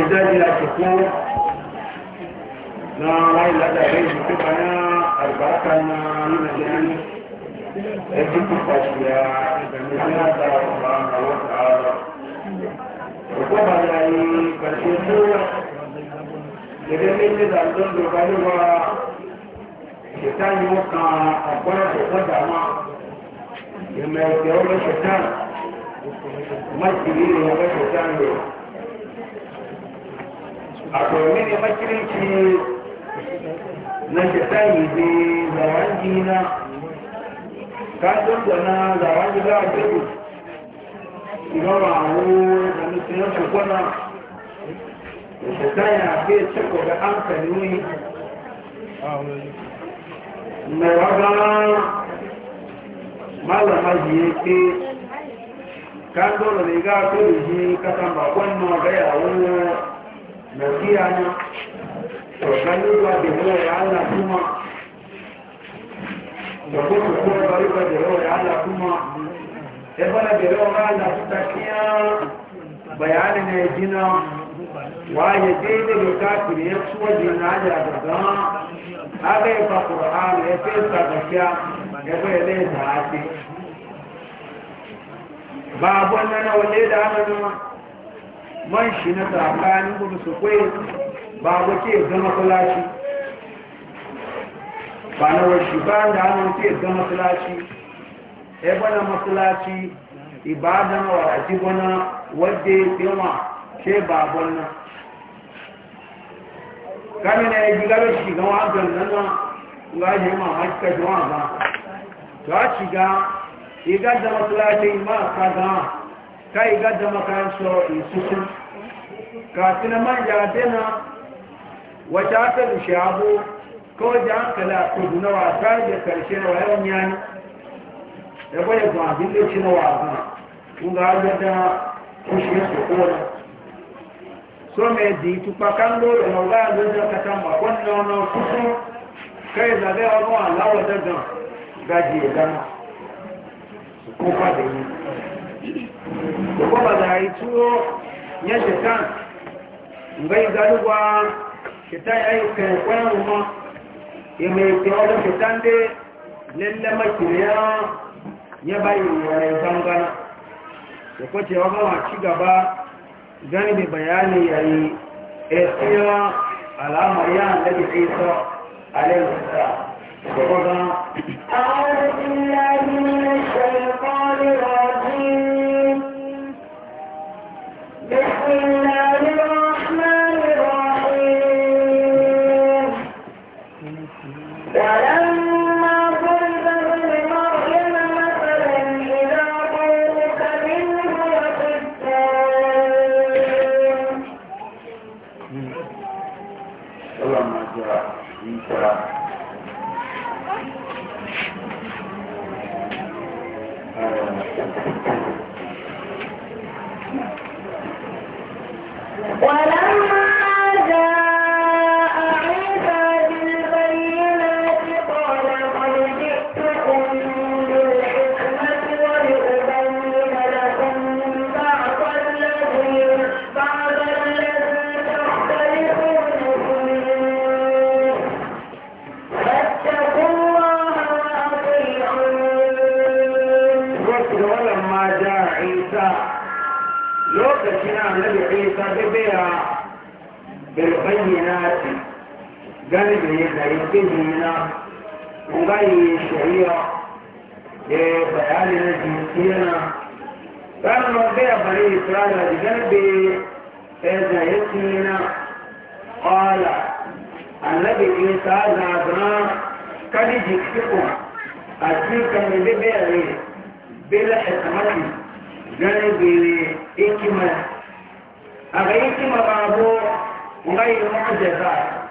ìdájí láti fún na wáyé ládàrí ìpípa ní àrùbáta na nàìjíríà ní ẹjú pípa sí ya ìgbẹ̀mí láta ọ̀pá àwọn àárọ̀ òkú bàbá yìí pàṣẹ tó gẹ́gẹ́ méjì dàdó lọ́gbà níwá ṣètá ni wọ́n kan àpọ́nà ìpọ́dà wọn ìmọ̀ ẹ̀kẹ́ ọlọ́ṣẹ̀tàn má sì rí ìrìn ọlọ́ṣẹ̀tàn rẹ̀ a domin makirci na shitani da zawangi na kajin da na zawangi za a jiru gama awo da mutum su kwana da shitani a fiye ciko da an kalli na waga malama jiye ke kan dole nasihana wakaliwa da ruwa ya Allah kuma da kuma kuma bariwa da ruwa ya Allah kuma ya fara da ruwa ya Allah su tafiya bayanin ya gina waye daidai da kafin ya suwa jina da daga aga ya fa ƙura'an ya fesa gafiya ya bai lai da ake babon nan wale da hannun man shi na tsakanin gudu su kwaye ba wace zama kulashi ba na washi ba da hannun e ke zama kulashi ebe na makulashi ibadan wa ajibana wadda yawa ce babon ma haka shi wa ba shiga igar da makulashi ma kai gadda makaransu isusun kafin manja dina wata aka dushe abu kawai da hankala ko duna wasa da karshe na wayan yani da bai ba abin da shi na wasa kun ga gadda kushe su kowa so me di tupa kan do da ga da ka tan ba wannan na kusu kai da ga wa Allah wa daga gaji da ko fa da yi da kuma da yi tuwo ya shetan ngai galuwa shetan ya yi kwayan ruma ya mai kewa da shetan dai lalle makiriya ya bayi wani zangana da kwacewa mawa ci gaba gani da bayani ya yi galibin yadda yankin jimina ngayi shari'a da bayani na jinsiyana ranar mafi a bari isra'ila da galibi yadda yankin na ƙwala annabi isa zaɓa kadi jikiku a cikin bibiyarri bela hikamati galibi ikimar a ga ikimar babu ngayi mu'ajaza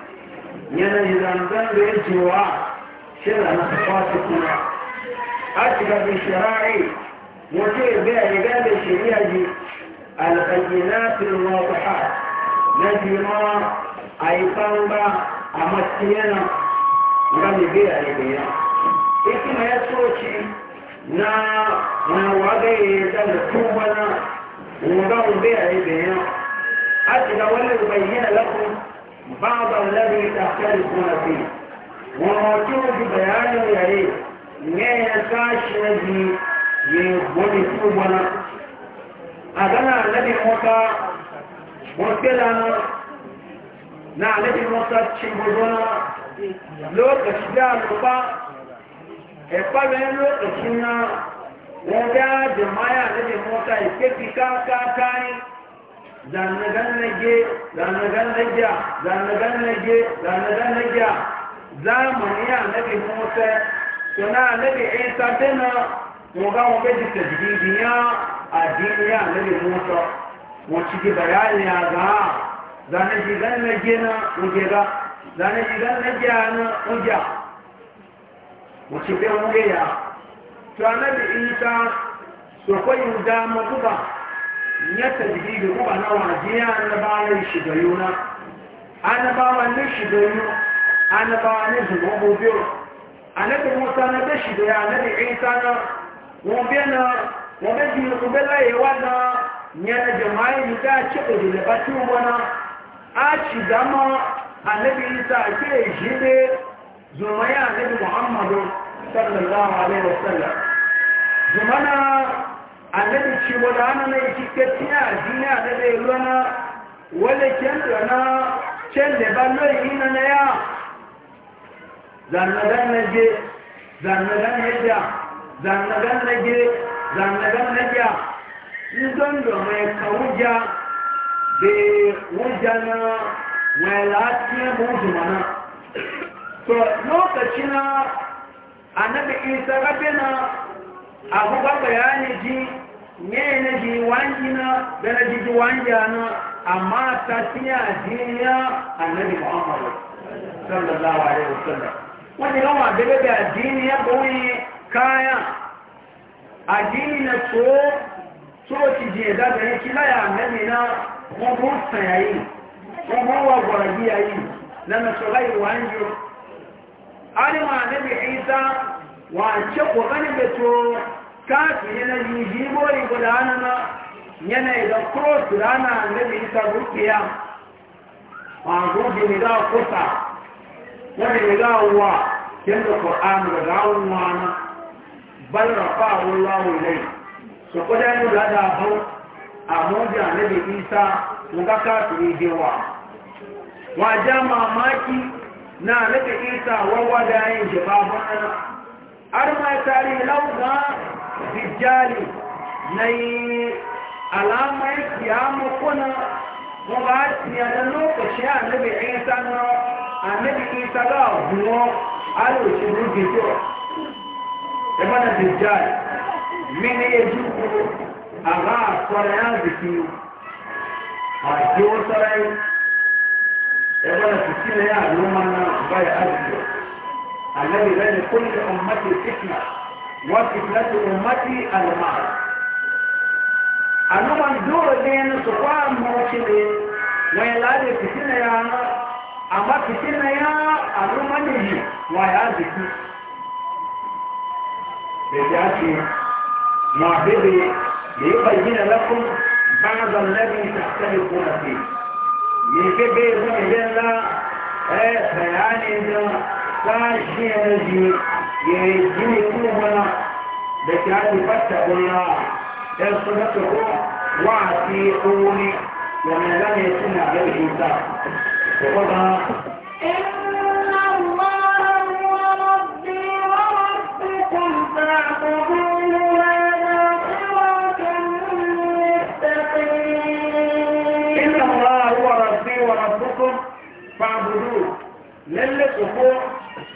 yanayi zanzan da ya cewa shirya na kwasu kuma a cika bin shira'i wato ya biya riga da shari'a ji alƙaƙinatin rawaha na jima a yi ba a matsayana gami biya riga ikina ya soci na na wagaye da tubana wanda biya riga a cika wannan bayyana lafiya بعض الذي تختلفون فيه وموجود بيان يلي ne ya tashi ne ya wani tubana a gana nabi mota wakilana na nabi mota cibodona lokaci da alupa ẹ̀fàbẹ̀ lokaci na wọ́n bí a jẹ maya nabi mota ìkéfi káàkáà káàkáà zanaganage zanaganage zanaganage zanaganage zamani ya nabi musa suna nabi isa tana mu ga mu ga tajdidi ya addini ya nabi musa mu ci ga bayani ya ga zanaji ganage na uje ga zanaji ganage na uja mu ci ga mu ya to nabi isa so ko yin da mu ba ya tajiri da kuma na wajiya annabawa ne shiga yuna annabawa ne shiga yuna annabawa ne zuwa gobe annabi musa na da shiga ya annabi isa na gobe na gobe ji gobe layewa na yana jama'a yi da ci da da batu wana a ci dama annabi isa ke jide zumaya annabi muhammadu sallallahu alaihi wasallam zumana annabi ci wada ana na yi kikatiya duniya na da yi na wale kyanra na can da ballon yi na na ya zannadan na je zannadan na ja zannadan na je zannadan na ja in don da mai kawuja da wuja na mai lafiya mutu mana to lokaci na annabi isa rabe na akwụkwọ bayani ji nye na ji wanji na da na jiji wanji na amma ta tiya diniya annabi muhammadu sallallahu alaihi wasallam wani gama bebe da diniya ba wani kaya addini na so so ci je da da yake la ya annabi na kuma sayayi kuma wa yayi na na so gai alima annabi isa wance ƙoƙarin da to kafin yanayi jibori gudana na yanayi da cross rana da da isa rukiya a gobe ne za kusa wani ne za wa yadda ƙo'an da gawon wana balrafa wallahu lai su kudayen da da hau a moja na da isa muka kafin jewa wa ja mamaki na na isa wawa da yin jibabon ana har ma tari launa dijjali na yi alamar kiyama kuna kuma tiya na lokaci annabi isa na annabi isa ga huwa aloci rubi to ibana dijjali mini ya ji ku a ga ya ziki a ji wasu rai ibana ya alumman na bai الذي بين كل أمتي فتنة وفتنة أمتي المرض أنا منظور دين سقوى موشدين ويلاد فتنة يا أما فتنة يا أنا منجي ويا ذكي بجاتي معبدي ليبين لكم بعض الذي تختلفون فيه من كبير من بين الله بيان kashi yanzu ya yi jini kuma da ke hannu fata kuna ɗan su da su ko wa a fi ƙuni wani zane suna da shi ta. Kuma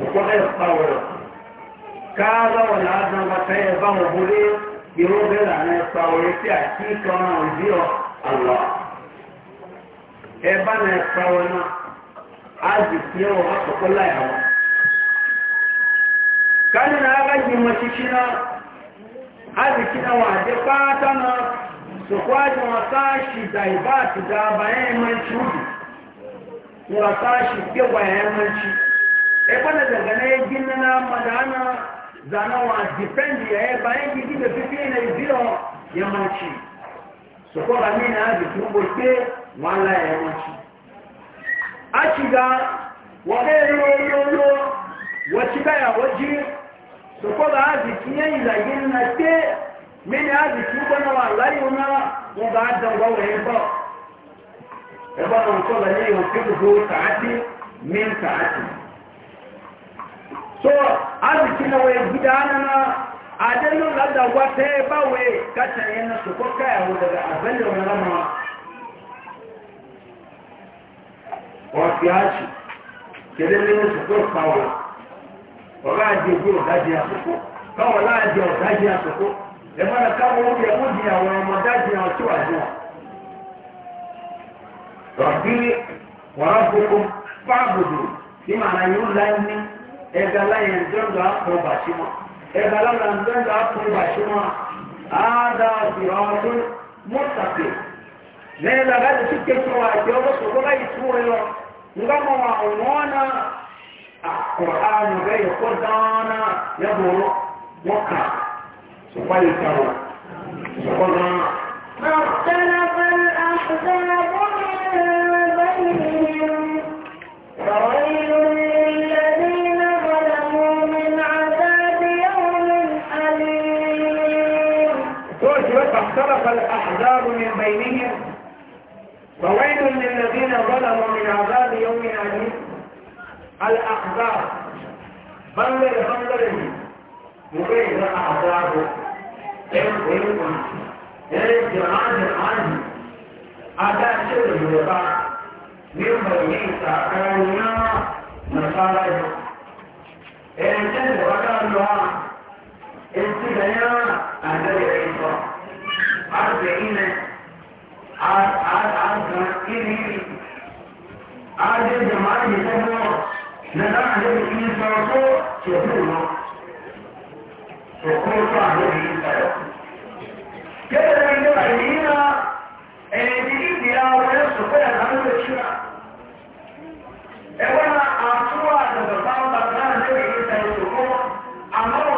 وقال يصطور كذا والعزم وكيفا وبولي يروب لنا يصطور في أكيك ونوزيه الله إبانا يصطورنا عزي كيه وغطف الله يهوى كان ناغي مشيشنا عزي كنا وعدي قاتنا سخواج وطاشي دايبات دابعين منشود وطاشي كيه وعين منشود na daga na ya gina na madana zanawa depend ya ya bayan gidi da na zero ya manci su ko ba mina da tubo ke wala ya a shiga wa kai yoyoyo wa ya waje su ko ba aziki ya na ke mini aziki ko na wallahi na ko ba da wa wani ba ebana ko ba ne yau ka ka so arziki na waye gudana na adalin lada wata ya ba waye kata yana su ko kayawo daga abin da wani rama wafi haci kere ne su ko kawo ọ̀rọ̀ àjẹ́ ìgbé ọ̀dájì àsìkò káwọn láàjẹ́ ọ̀dájì àsìkò ẹ̀mọ́nà káwọn oúnjẹ oúnjẹ àwọn ọmọdájì àwọn tí wà jùlọ. rọ̀bí wọ́n á gbogbo fáàbùdù tí màá yóò láì ní ẹgbẹ́ aláyẹn jọ́ndọ̀ àpọ̀ bàṣímọ̀ ẹgbẹ́ aláyẹn jọ́ndọ̀ àpọ̀ bàṣímọ̀ àádá ọ̀sìrọ̀ ọdún mọ́tàpẹ̀ lẹ́yìn lágbàdì tí kékeré wa àti ọlọ́sọ̀ bọ́lá ìtumọ̀ ẹ lọ nga mọ̀ àwọn ọ̀nà àkùránù bẹ́ẹ̀ yẹ kó dáná yẹ bọ̀ wọ́n الأحزاب من بينهم وويل للذين ظلموا من عذاب يوم أليم الأحزاب بلغ بلغ مبين الأحزاب ينقلون ينزل عنه عنه أداء سر الوضع من بينهم تأكلنا نصارى إن تنزل وكان الله استدعى أن تدعي arba'ina arba'ina adé jama'a yìí tẹ́lẹ̀ nígbà àdé yìí sọ̀rọ̀ tó tòkú lọ tòkú tó àdé yìí sọ̀rọ̀. kéde ní bàyìí na ẹ̀ẹ́dì ìdí àwọn ẹ̀sùn pé ẹ̀ka ló lè ṣíra. ẹ̀wọ́n na àtúwà àdàbà bá ń bàtà àdé yìí sọ̀rọ̀ tòkú àmọ́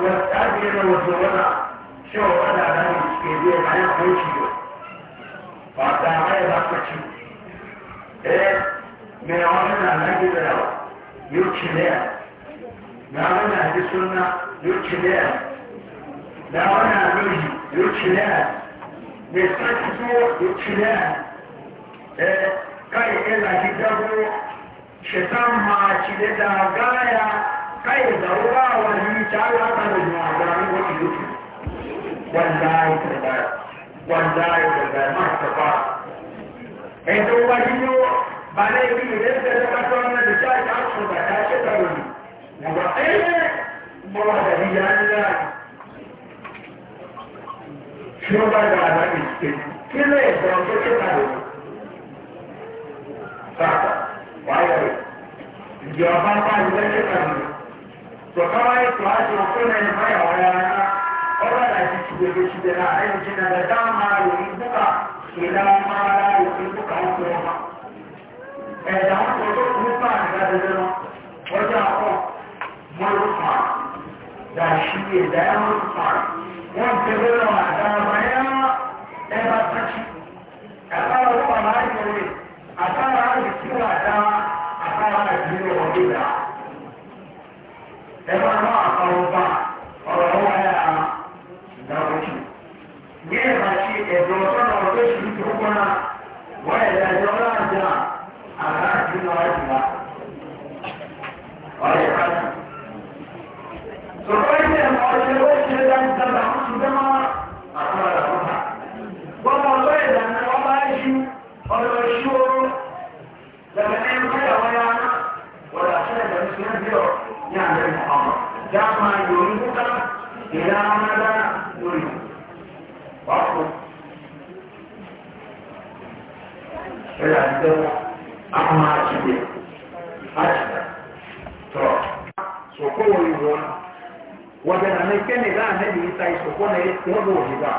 wajen tsaje da wajen wata cewa wata da ne ke zai bayan kunci ne ba ta mai ba ku ci eh mai wani na nage da yawa yau ci ne na wani na ji suna yau ci ne na wani na nuhi yau ci ne mai tsarki zuwa yau ci ne eh kai ina ji dabo shetan ma ci da gaya kai zaura wani shara ta eh, da zuwa da tòkáwáyé tó ti òkú náà ní báyà ọ̀rẹ́ ara ọba láti tìbẹ̀rẹ̀ tìbẹ̀rẹ̀ àárín ìjìnà dàda máa lò ní búkà ìlà máa lò ní búkà ọkọ̀ ọba. ẹ̀dá wọn tó tó kú bá àgbà dẹdẹ lọ ọjọ́ àkọ́ mọ́lú fà dàṣí ẹ̀dá yẹn mọ́lú fà wọ́n tẹ̀lé lọ àdá Everyone mugu shiga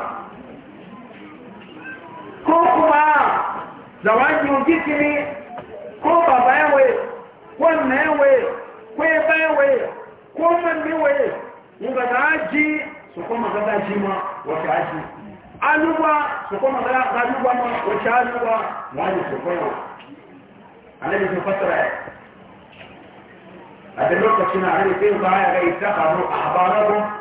ko kuma zawajin jikini ko baba yawe ko nna yawe ko ebe ko mmanne nga ga aji ga ma wata aji aluwa su ga aluwa ma wata aluwa wani su kuma annabi sun fassara ya a da lokacin a hannun sai ba ya ga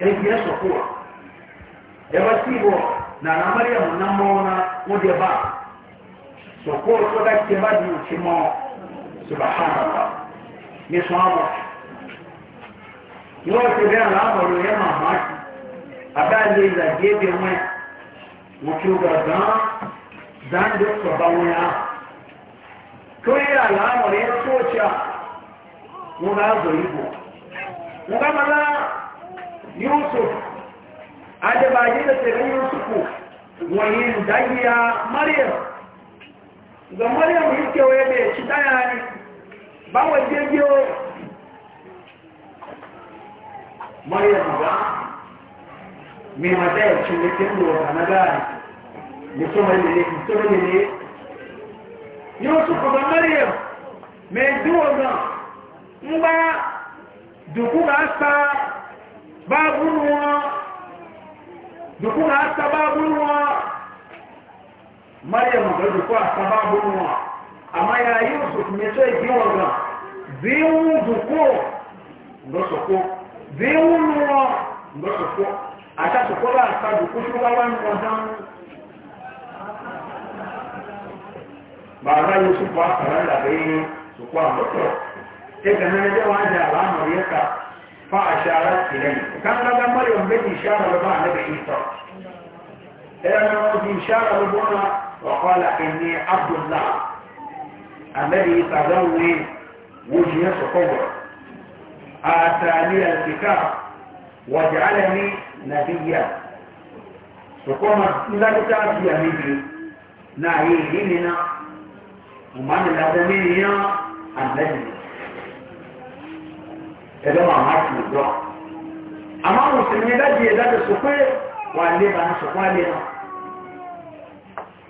ɛnkyerɛ sɔfo a ɛba sii hɔ na anamariya mu nam wɔn na wɔde ba sɔfo so da kyɛ ba di okyi mɔ subahana ne sɔn ama ne wɔte bɛ na amɔdo yɛ ma ma ti abaa leza die bi wɛ wɔtwi wɔ gan dan de sɔba wɔn ya kiri a na amɔdo yɛ sɔɔ kyɛ a wɔn na azɔ yi bɔ wɔn kama Yusuf, ajabaye da tsirin Yusufu wani dangiya Maryam. Ga Maryam yankewa yadda ya ci daya ne, ba wajen giyo Maryam ga mai matsayar cikin lura na gari, musamman ne ne, musamman ne ne. Yusufu ga Maryam mai duwa ga, mba duku ga sa báàbùrù wọn dùkú náà ta báàbùrù ga dùkú àta báàbùrù wọn àmà yà yusuf mẹtọ ìdí wọn gan bíwú dùkú ńlọsọkọ bíwú nu wọn ńlọsọkọ ndọ bá àta dùkú tó bá wà ní wọn dánwó. bàbá yusuf wà kàrà làbẹ́yẹ dùkú àlọ́tọ̀ ẹgbẹ̀rún فأشارت إليه وكان هذا مريم بيت إشارة لبعض نبي عيسى إلى أن إشارة لبعض وقال إني عبد الله الذي تضوي وجه صحوة آتاني الكتاب وجعلني نبيا سكوما إن كتاب يا أميبي نعيه لنا ومن الأدمين النبي ẹ̀dọ́ máa má ti dọ́ àmọ́ àwọn òṣèlú yẹn dájú yẹn dájú sọ pé wà lé bá ń sọ fún àlẹ́ náà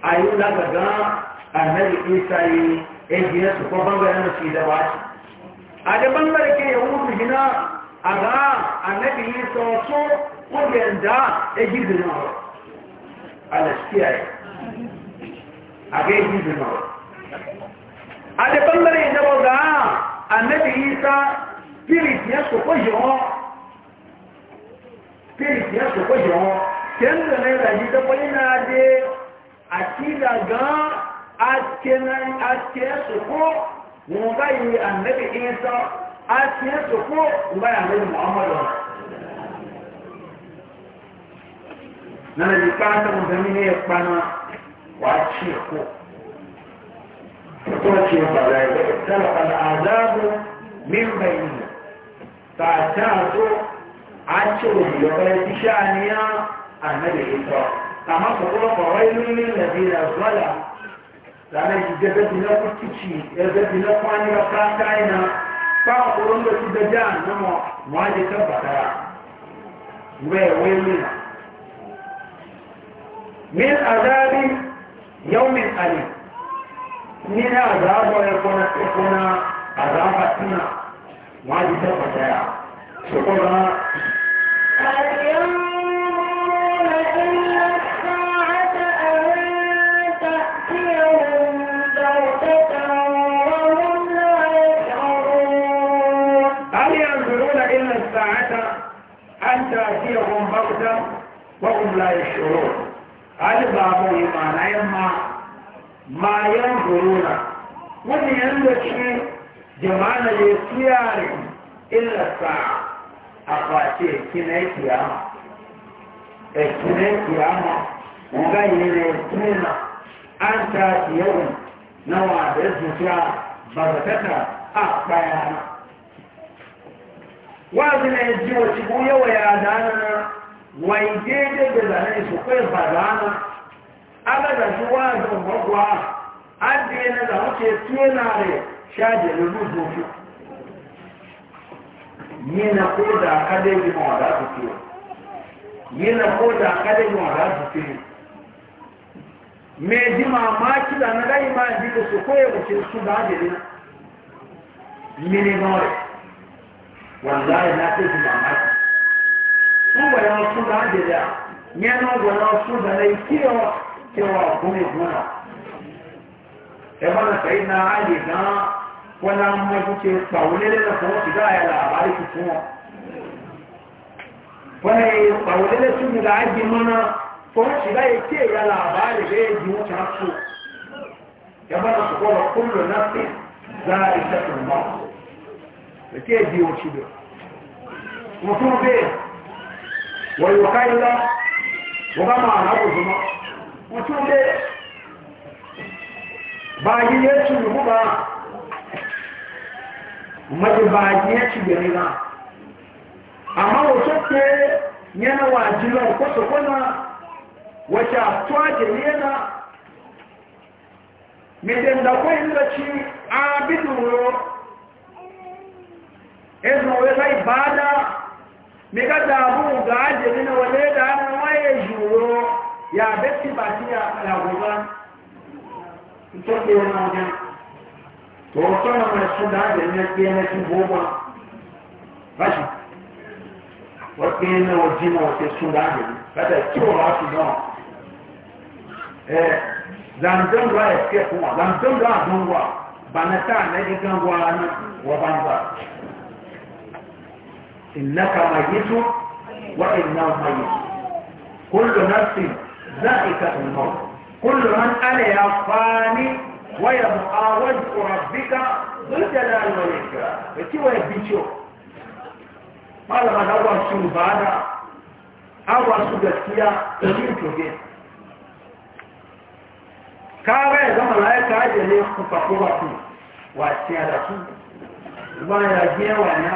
ayé lágbàdá àmẹ́rì ìsà yìí ẹ̀jì yẹn sọ fún báńgàrẹ́ náà sí ìdáwà ájì àdébáńgàrẹ́ kí ẹ̀wọ́n mú bìí náà àgá àmẹ́rì ìsà ọ̀tún wọ́n yẹ ń dá ẹ̀jì bìí náà alẹ́ sí àyè àgá ẹ̀jì bìí náà àdébáńgàrẹ́ ìdáwà àmẹ́rì ìsà spirit yẹn sọ̀kọ́ yọ ọ́ tẹ́lẹ̀ náà yẹn yìí dẹ́kọ́ dé àkídà gan àkẹ́ wọn bá yìí ànẹ́bí ìyẹnsá àkẹ́ sọ̀kọ́ wọn bá yà lẹ́yìn muhammadu nana yìí kpaata mo fẹ́ mi ní yẹ kpana wàá tsi ẹ̀kọ́ ẹ̀kọ́ tsi tàjáàtó àti òmìnira iṣẹ́ àníyàn àmẹ́lẹ̀kẹ́tọ́ àmọ́ ọ̀pọ̀lọpọ̀ ọ̀rọ̀ inú ní nàìjíríà zọ́là lálẹ́ ìdíje bẹ́bìnlẹ́kùn kìchì ẹbẹ́bìnlẹ́kùn anílọ́pá káìnà páwọn olóńgbò ti bẹjá ànámọ̀ wọ́n á lè kẹ́ bàtàrà wẹ́ wẹ́ mìíràn. min azabi yau min ali ni na azabọ̀ ẹ̀kọ́nà ẹ̀kọ́nà azabà tìǹà wọ́n á di sẹ́kọ̀ọ́ sẹ́yà ṣùgbọ́n náà. تأتيهم بغتة وهم لا يشعرون الباب إيمان أيما ما ينظرون ومن عندك شيء jama'a ya tsiyari illa sa'a a face kinai kiyama a e kinai kiyama wanga yi ne tuna an ta yau na wada zuciya ba ta tata a bayana wazi na yaji wa cikin yawa ya dana na wai daidai da zane su kai ba dana aga da shi wazin magwa an da yana da wuce tuna ne shaje da rubu fi yana ko da kada yi ma da su fiye yana ko da kada yi ma da su fiye me ji mamaki da na rai ma ji da su koya wuce su da jiri minimore wallahi na ta ji mamaki sun gwada su da jiri a yana gwada su da na yi kiyo cewa gome gona ẹ̀fọ́n sẹ́yìn náà á lè gan wọn náà mú ẹkú ṣe pàwó lélẹ̀ fún wọn ṣùgbọ́n àyà làbá lè fún wọn. wọn lè pàwó lélẹ̀ tún mi làá di mọ́ náà fún ṣùgbọ́n ètí ẹ̀yà làbá lè fẹ́ di wọn kàn fún. ẹ̀fọ́n náà sọ̀kọ́ lọ kó lọ náà sí zá ìṣẹ́kùn mọ́. ètí ẹ̀ di oṣù lọ. wọ́n tún bẹ́ẹ̀ wọ́n yóò ká ilá wọ́n bá máa rà baji ya ci rubu ba maji baji ya ci gari ba amma wato ke yana wajilar kwasa kwana wacce a tuwa jiri yana mitin da kwa inda ci abiduro ezu wela ibada mika damu ga ajiyar na wale da ana waye juro ya beti ba ya gobe ìtọ́jú ẹ̀rọ ọjà tòótọ́ náà ẹ̀sùn dáadé ní ẹgbẹ́ ẹlẹ́sìn gbogbo báṣì wọ́n pín in náà ọjí náà ọ̀sẹ̀ sùn dáadé ní bàtà tí ò wá sùn náà ẹ̀ zàǹdọ́ǹdọ́ ẹ̀sìkẹ́ fún wa zàǹdọ́ǹdọ́ àdúgbò bànátà ànẹ́gẹ́ gángan ara náà wọ́n bá ń bá ìnáka màyítú wọ́n ìnáwó màyítú kó lọ́nà sí záìka ìnáwó. كل من عليها فاني ويبقى وجه ربك ذو الجلال والإكرام فتي ويبيشو قال ما دعوة سنبانا أول سجدتيا تجين تجين kare zama laika aje ne kuka kuma ku waciya da su ba ya je wani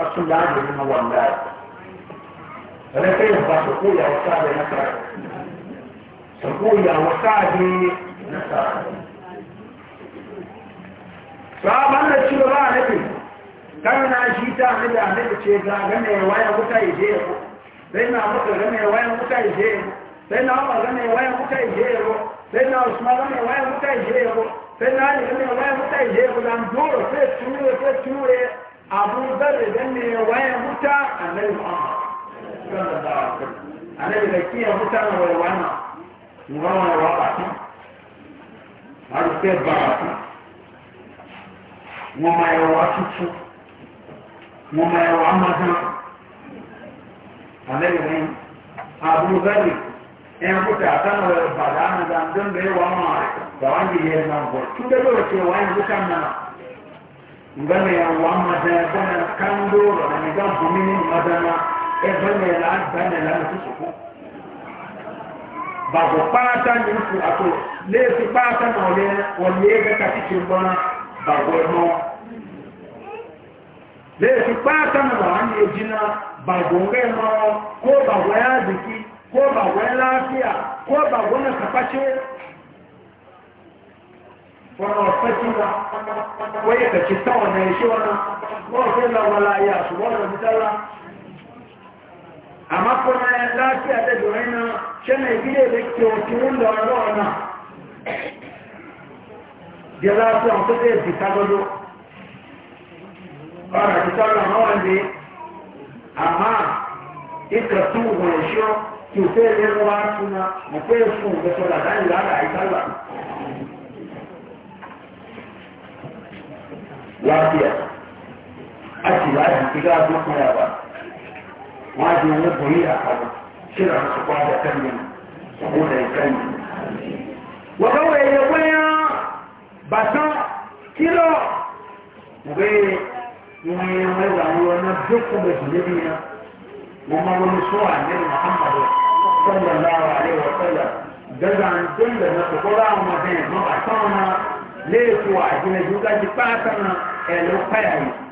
a sun da aje ne na wallahi ẹ̀rẹ́ pé ìgbà sọ̀kú ìyàwó sáàdì náà sọ̀kú ìyàwó sáàdì náà sọ̀rọ̀ da ciwo ba a nufi kan na shi ta nufi a nufi ce ga gane wayan wuta ije yaro sai na maka gane wayan wuta ije yaro sai na maka gane wayan wuta ije yaro sai na usman gane wayan wuta ije yaro sai na ali gane wayan wuta ije yaro dan doro sai abu zarri gane wayan wuta a nufi sallallahu alaihi wasallam annabi da kiyan mutanen wai wannan ngorona wa ba ta har sai ba ta mo mai wa tutu mo mai wa amana annabi ne abu gari en buta tan wa ba da na dan dan bai wa ma da wani ne nan ko tun da lokaci wani bukan nan ngana ya wa madana kana kando na nidan bumini madana ẹgbẹ́ni ẹ̀là àgbẹ́ni ẹ̀là lọ́tí sọ̀kọ́ bàbọ̀ pátá ní ìfò àtò léèfì pátá ní ọ̀lẹ́ ọ̀lẹ́ ẹgbẹ́ta ti ṣe gbọ́n bàbọ̀ ẹ̀mọ́ léèfì pátá ní wàá ní ojìnà bàbọ̀ ọ̀gẹ́ ẹ̀mọ́ kó bàbọ̀ ẹ̀ àdìkí kó bàbọ̀ ẹ̀ láàfíà kó bàbọ̀ ẹ̀ kàpàṣẹ wọn ọ̀fẹ́ tí wọn wọ́n yẹ kẹ̀kẹ́ táwọn ẹ̀ ṣé wọn náà wọ́n fẹ́ lọ wọn láyé àṣùwọ́n lọ àmọ́ kọ́nà láti àtẹ́bìnrin náà ṣẹ́nà ìbílẹ̀ rẹ̀ kí o tí ó lọ ọlọ́ọ̀ náà di aláàtọ̀ àwọn tó dé ìdí tágọ́dọ́ ọ̀rọ̀ àti tọ́lọ̀ àwọn ọ̀dẹ àmọ́ ìkàtú ìwọ̀n ẹ̀ṣọ́ kí o fẹ́ lé lọ́wọ́ àtúná mo fẹ́ fún ìgbésọ̀ làdáyé lára àìsàlà láàbíà àti láàbì ìgbà àgbọ̀kan yàrá wajen ya buri a abu shirar su kwa da kanyan ko da kanyan wakawa ya waya basa kilo bai wani mai rayuwa na dukkan da su nabi na mamma wani suwa ne muhammadu sallallahu alaihi wa sallam gazantin da na tukura a mafi mabasa na lefuwa a gina duka ji fata na elokaya yi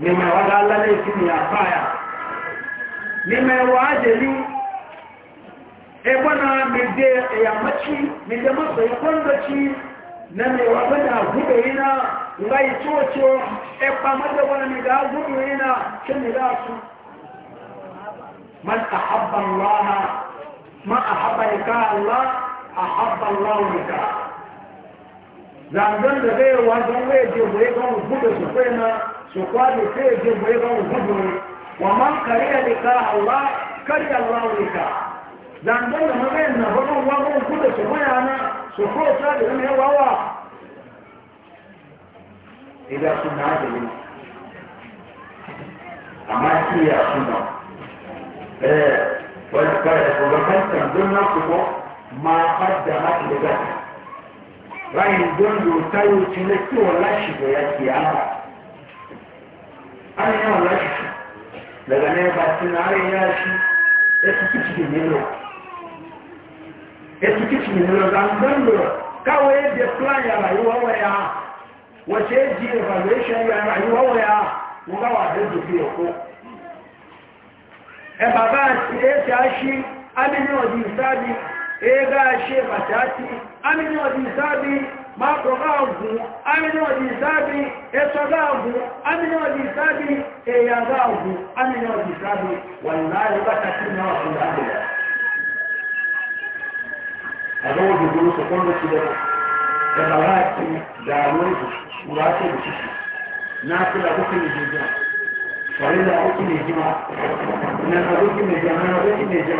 nimewaga lale chini ya faya nimewajeli e bwana mide e ya machi mide maso ya kwanza chi na mewagana gube ina ngai chocho e pamoja bwana mida gube ina chini rasu man ahabba Allah ma ahabba nika zanzan da bai wazan waje bai kan gube su kwena يقال سيجب رضا وهدوه ومن كره لقاء الله كره الله لقاء لأن دون مغين نهرون وغون كل سمية أنا سفوه سابق من هو هو إذا سنة عدل أما هي سنة وكان تنظر نفسه ما قدمت لذلك رأي دون يتاوي تلك ولا شيء يا كيامة ana yawan shi, daga na ba su na ara ya shi ya su kici ne ga ya su kici ne nilo ga ndan da kawai da plan ya rayuwa waya wace ji evaluation ya rayuwa waya ga wa ko e ga she makogaavu aminoodi isabi esogaavu aminoodi isabi eyagaavu aminoodi isabi wallahi batakina wakulabula abawodigulu sokondo kidoko ebalaki dalwezu ngate busisi nakula kukinijija falila kukinijima nakakukinija nakakukinija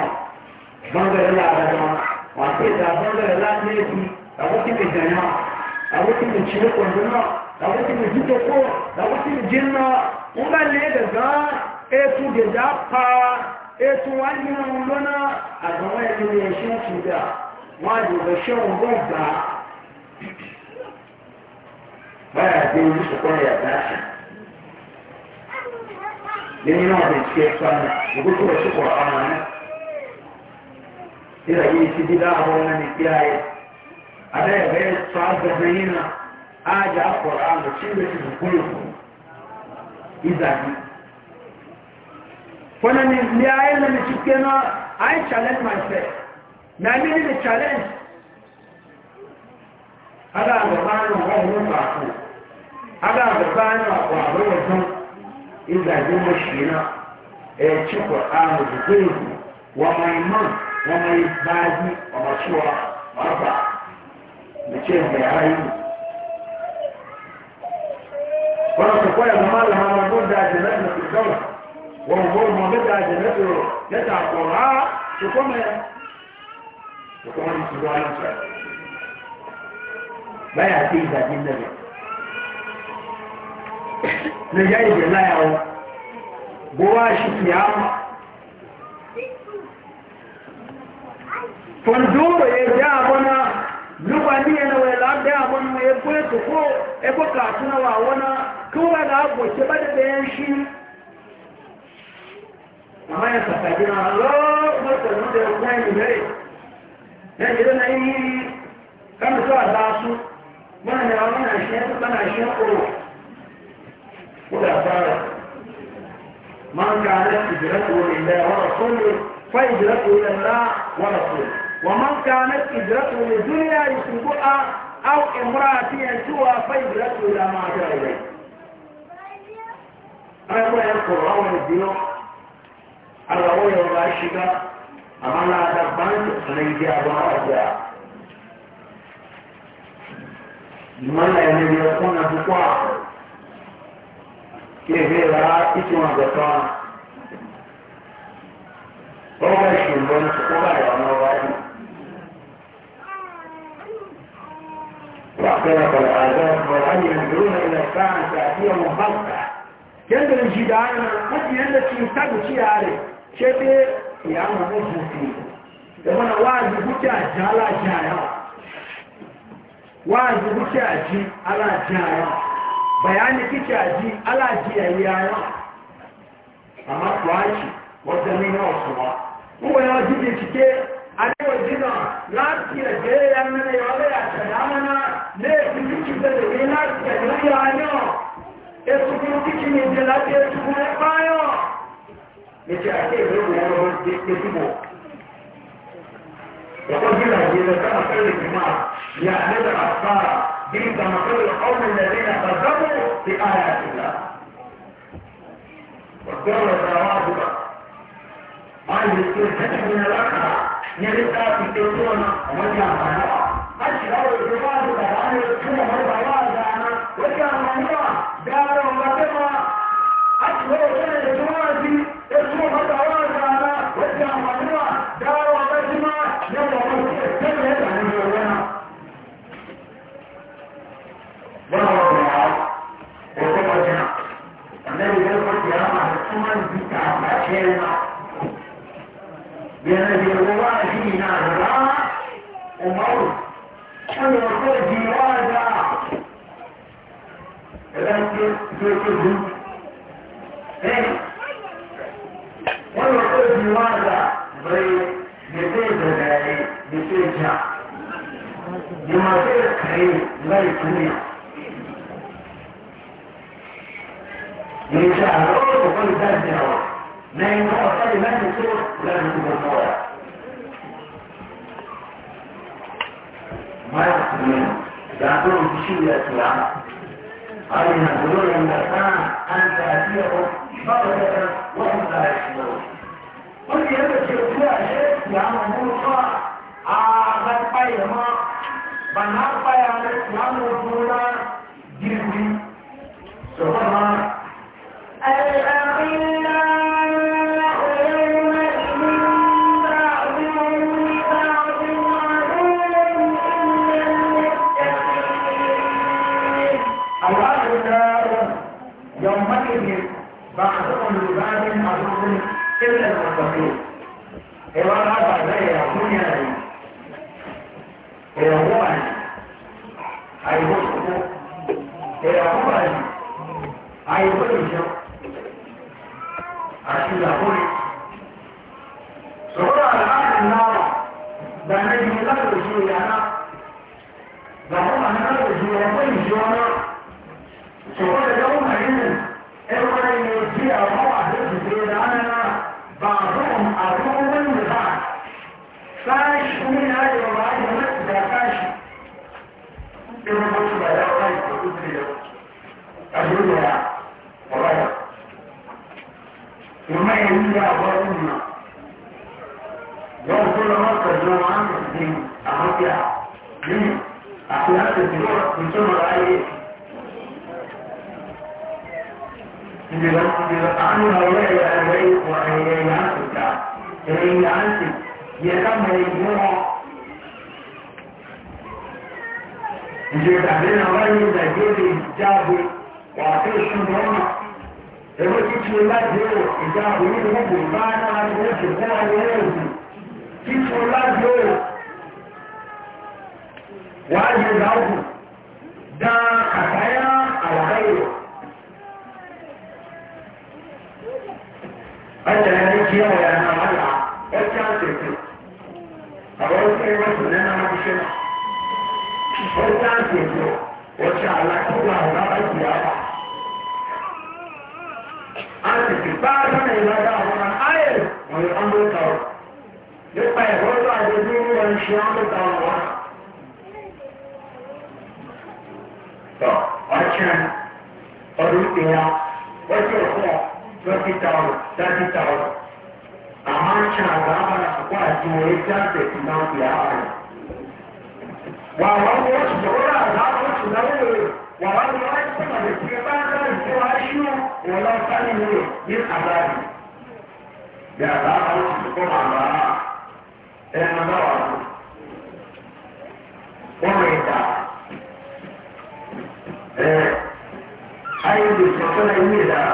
bangere laadagama wakeda bangere lanebi kakukinijanyama abokin da ciye kwanduna abokin da jike ko abokin jinna wọn bá lè gàgá ètò gẹ̀dá pa ètò wọn ní wọn lọ́nà àgbàwọn ẹni ní ẹ̀ṣẹ́ ìtìdá wọn àdìgbò ṣẹ́wọ̀n bọ́ gbà á báyà dé olùsọ̀kọ́ yàtá sí lẹ́yìn náà bẹ̀ tiẹ̀ sọ́nà ìgbókò ẹ̀ṣọ́kọ̀ ọ̀hún náà ìrẹ̀yìn ti dídá na ada ya bai ta gaba yana aji a ƙwararra da cin da cikin kuyo izaki wani ne ndị ahịa na mechike na i challenge myself na mmiri the challenge na eh, da ce da ya yi wani su koya da malama na gudda janar da su gawa wani gudda gudda janar da ya takora su kuma ya su kuma yi su zuwa nuwa ni yana wai labe abun mai ebo ya tuko ebo kasu na wawana kawai da abu ba da bayan shi amma ya saka na Allah ko nuna da kuma ya ji na yi kan su a su mana da wani na shi ya tuka na shi ya ko da fara man ka da hijiratu ila wa rasuluhu fa hijiratu ila Allah wa rasuluhu ومن كانت هجرته لدنيا يسبقها أو امرأة ينسوها فهجرته إلى ما جاء إليه. أنا أقول يذكر أول الدين الرؤية الراشدة أما لا تقبل فليجي أبوها جاء. من الذي يكون بقاع كيف لا اسم بقاع. Ọba ìṣòro ní ọba ìwà náà wáyé. aee jiri ụu ihe hiri ka buhi yari chee anwa uhii aaabayanye kiiji alaji a iayachi owere ọdị ie அதே தினம் நாட்டிய ஜெயன்னையோட அச்சதானா நாட்டிய நிலையாயும் எசுக்கு நிஜலாத்தி எசுக்கு பாயும் நிஜாக்கே வெறும் وقد لا يلزم كل اجتماع يعمل الأخبار بنت مقر القوم الذين كذبوا بآيات الله والدولة روابط عن الاستيقاظ من الأخرى ya littafi ɗaya tona wani amfani ba a shiga wa ke ba su da rani tun da wani ba wa da ana wani amfani ba a shiga wa ke da tuma ji ya tuma ba da wa da ana wani amfani ba da ran wata shi ma ya da wani ke da ya da ni yẹn lè wọ́n wá sí iná rà ọmọrù wọ́n yẹ kó di wájà ẹ̀rọ tó tó tó dùn ẹ̀ wọ́n yẹ kó di wájà bẹ́ẹ̀ gbèsè ìbẹ̀rẹ̀ gbèsè ìjà ìmọ̀tẹ́ kàí láì túnbí. Ìjà lọ́wọ́ kò kọ́ ìdájì àwọn. لأن هو قد مات الصور لازم يكون صور ما يقصدون يعطون تشيل الأسلام علينا الظلول أن الإنسان أن تأتيه بغتة وهم لا يشعرون قلت يا بشي أطلع شيء يا عم موسى آغت بايما بنار بايما يا موسى جيبي سبحان الله Their woman, I work They are Their woman, I work with I see the holy. So what are ìdáàbò ní gbogbo jáde náà bí ààrẹ. Wà wá ní oṣù lọ́wọ́rọ́ àbáwọ̀ oṣù lọ́wọ́ rẹ̀. Wà wá ní wọ́n ti pàdé tí ẹ bá ń bá ìṣe wa ṣú òun lọ sáré rẹ̀ ní àbáyé. Bí àbá oṣù tó kọ́ màmá ẹnu náà wà lọ. Wọ́n rẹ̀ dà. Ẹ ayé lè sọ fún ẹ ní ìdára.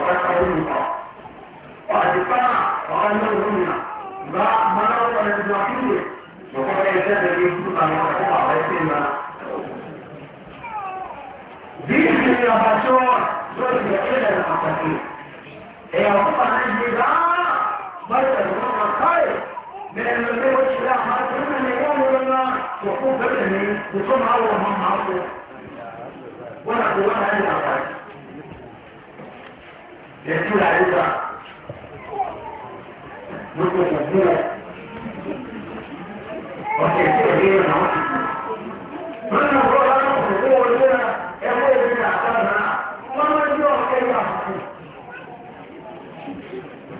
وتتقونها وأتقاها وأنهن ما ما وصل بوحيه وقد يزداد يسوق عن وقتها ويتم ذكر الرسول ذكر إلى المعتقين هي وقفة الجزاء بدل هو الخير من المبيع والشراء ما تمنى اليوم ولا وقوف بالأمين وصنع الله من معصوم ولا قوة إلا الله ẹtú la yẹ gbà lóko kò mú ọ ọtí ẹtí ẹtí yẹ nà ọtí wọn nà ọgbọ wọn nà ọkọ wọn lé nà ẹwọ ẹbí nà àtà nà wọn nà ẹbí ọkọ ẹbí àkókò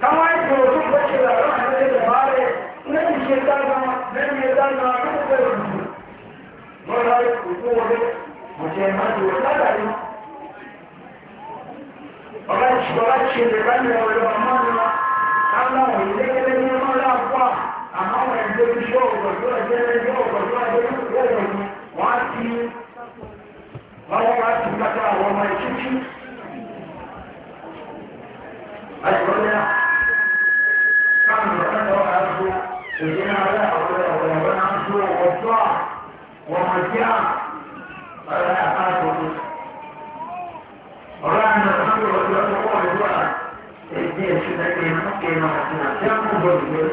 káwọn ẹbí ọtún bọ ṣe là lọ́wọ́ àti ẹbí bá rẹ lẹ́yìn ìṣe dáná lẹ́yìn ìṣe dáná lọ́wọ́ ẹbí ọtún wọn nà ẹbí ọkọ wọn lé ọtí ẹbí má ti wọ ọ̀láṣẹ̀lẹ̀ bá ní ọ̀rọ̀ ọmọ nínú káwọn ìlẹ́gẹ́lẹ́ ní ọmọ láàpá àmọ́ ẹgbẹ́ iṣẹ́ ọ̀gọ̀dọ̀ ẹgbẹ́ iṣẹ́ ọ̀gọ̀dọ̀ ẹgbẹ́ ọ̀gọ̀dọ̀ wọ́n á ti wọ́n wá ti pátá àwọn ọmọ ìtútù àìkọ́lẹ́ káwọn ìrọ̀lẹ́ àjò èdè náà رانا الحمد لله الله دعا الدين سنتين حقي ما حسنا سامو بلد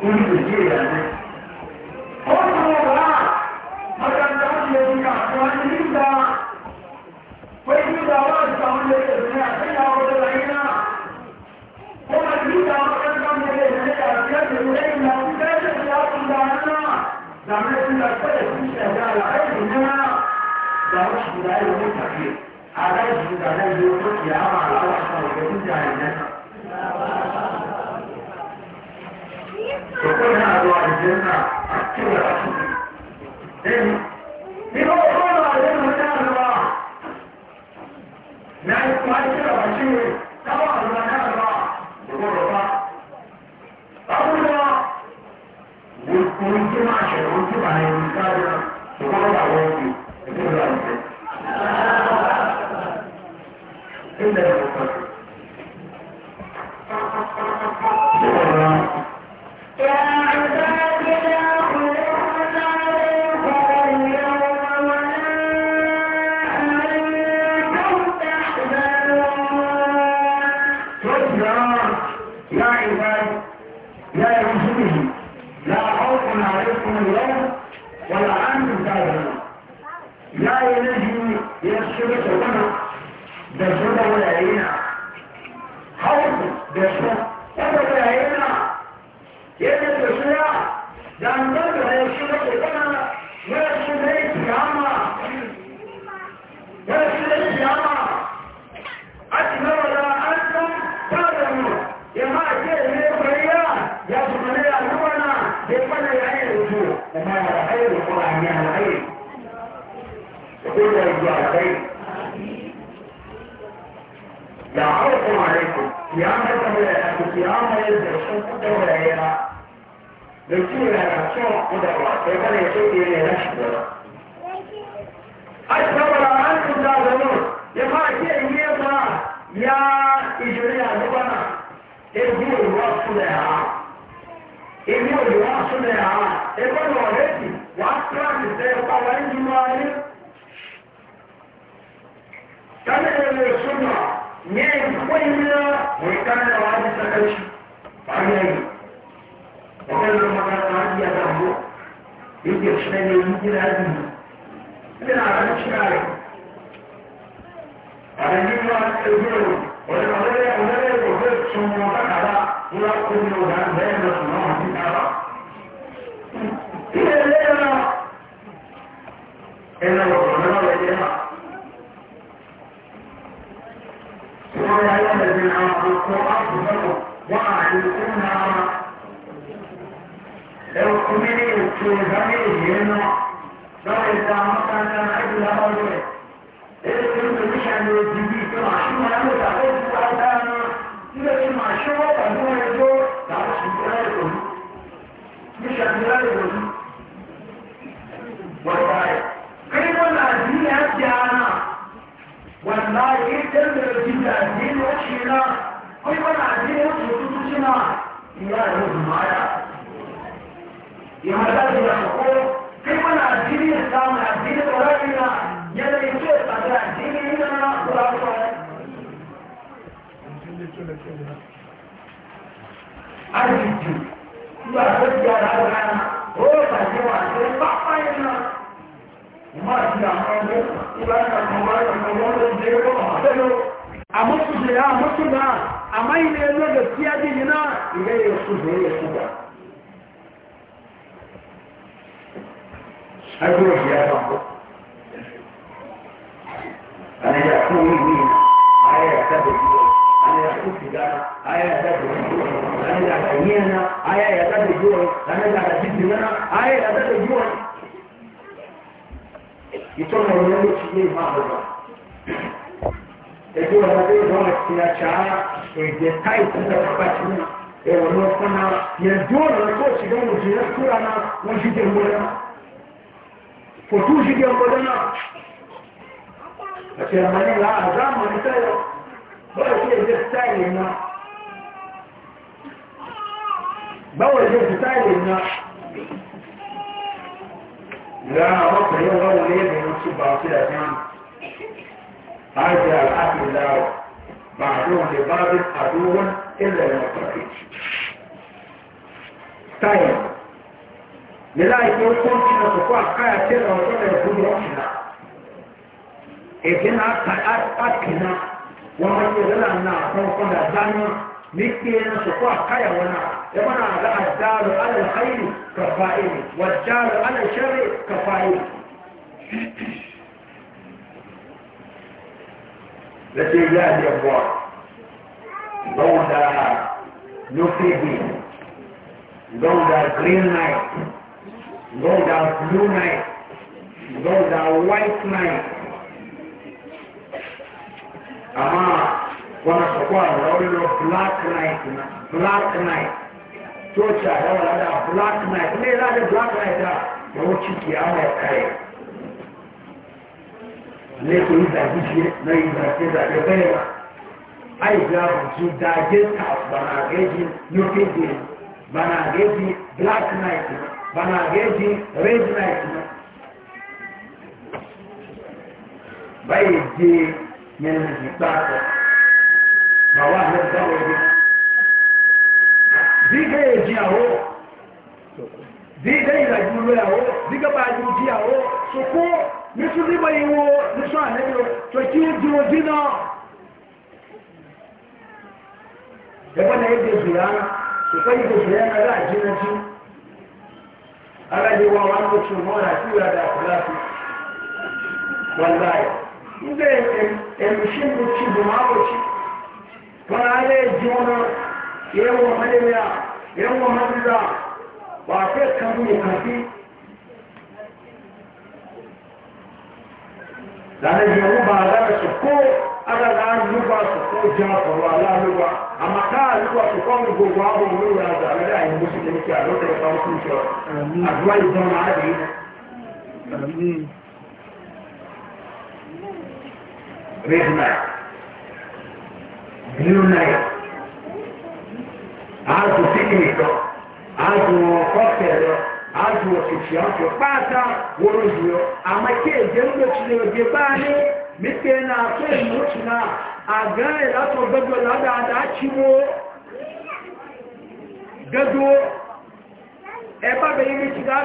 Thank you. زمان الأسئلة مش أهداء العين إنما ده مش بداية يوم التغيير علاج بداية يوم القيامة على أوحى وجديد على الناس وكل هذا الواحد جنة أكتب رسولي إيه؟ إيه هو قول عليهم هنا الله نعم ما يكتب رسولي إلا mutu da mutu da amma ina yanzu gaskiya ji yana ina ya su da ya su ba har kuma ya ba ana ya ku yi ni aya ya ta da ji ana ya ku fida aya ya ta da ji ana ya ta yana aya ya ta da ji ana ya ta da ji ana ya ta da ji ìtọ́nà ìyẹn ló ti yé ìmọ̀ àbúrò ẹgbẹ́ wọn lé wọn lè fi àṣà èdè táì tí wọn bá ti mú ẹwọn lọ fún náà yẹn dúró lọ tó ti dánwò sí yẹn kúrò náà wọn ti dé mbọlẹ náà fòtú ti dé mbọlẹ náà àti ẹ̀mọ́ ní ìlà àdá àmọ́ ní sẹ́yọ bọ́ọ̀ sí èdè táìlì náà báwo èdè táìlì náà lọ́nà ọkọ̀ yóò wọ́n wọlé ẹ̀mí ní tí bàá fi àjá nù. àìsí àláàbì láwọ̀ bàá lóun lè bá rí àdúgbò ilẹ̀ ọ̀pọ̀lọpọ̀. táyà nílá ìpè kọ́ńtì náà kókó àkáyà tẹ́lẹ̀ ọ̀tọ́ rẹ̀ fún yọ̀ọ̀kìnà. èdè náà àkìnà wọn wọ́n yẹ lọ́nà náà fún ọkọ̀ dàdánù ní kí ẹ náà àkáyà wọn náà. يمنع لها الدار على الخير كفائل والدار على الشر كفائل لكن الله يبوى لولا نفيدي لولا green night لولا blue night لولا white night أما ونسقوا لولا black night black night church àdáwọ̀ ládà black night ní ìlàdé black night à wọ́n ti kì á wọ̀ ẹ̀ka ẹ̀ lẹ́kọ̀ọ́ ìdàgbé ṣe náà ìdàgbé ìdàgbé bẹ́ẹ̀ wá àìgbà àbùtù dàgé tàf bànàgéjì lókèdè bànàgéjì black night bànàgéjì red night báyìí dé yẹn lè fi pààkọ́ bàwá àlẹ́ báwọ̀ ẹ̀dẹ́ dígé ìjìyàwó dígé ìrẹ̀jú lóyàwó dígé bá ju ìjìyàwó sòkó nítorí nígbà ìwò nítorí ànẹ́bí tó kí ó dúró dínà ẹgbẹ́ náà èdè ìjìyà náà sòkó ìdè ìjìyà náà láàjí náà jí aláyé wa wọn ló tún mọ́ àti ìrẹ̀dà àkùláfi wọn láì ń bẹ́ẹ̀ ẹ̀mí sí mo ti bùn máa wọ̀ sí wọn á lè jí wọn náà yẹwọ mẹlẹmẹa yẹwọ mẹlẹmẹa wà á fẹ kàmú yẹ kàfi lànà ìyẹwò bá alára sọkó alára alúwa sọkó jẹ àfọwọ aláàlúwa àmàká alúwa sọkó mi gbogbo àwọn olóòrò àgbà lórí àyè mùsùlùmí ní kí àlọtẹ ìfà ń kúrò sọ àdúrà ìjọ máa dé. Red night, blue night àádùn píkìnì lọ àádùn ọ̀pẹ̀ lọ àádùn òkìkì ọ̀pẹ̀ pátá wọ́n yìí lọ àmọ́ kí èdè ń lòtì lè òde báyé mítẹ́ náà tó ìlú òtù náà àgbà ìlàtọ̀ gbẹgbẹ lọ́dàdà chiwo gbẹgbẹ ẹ̀bá bẹ̀rẹ̀ ibi ti dáa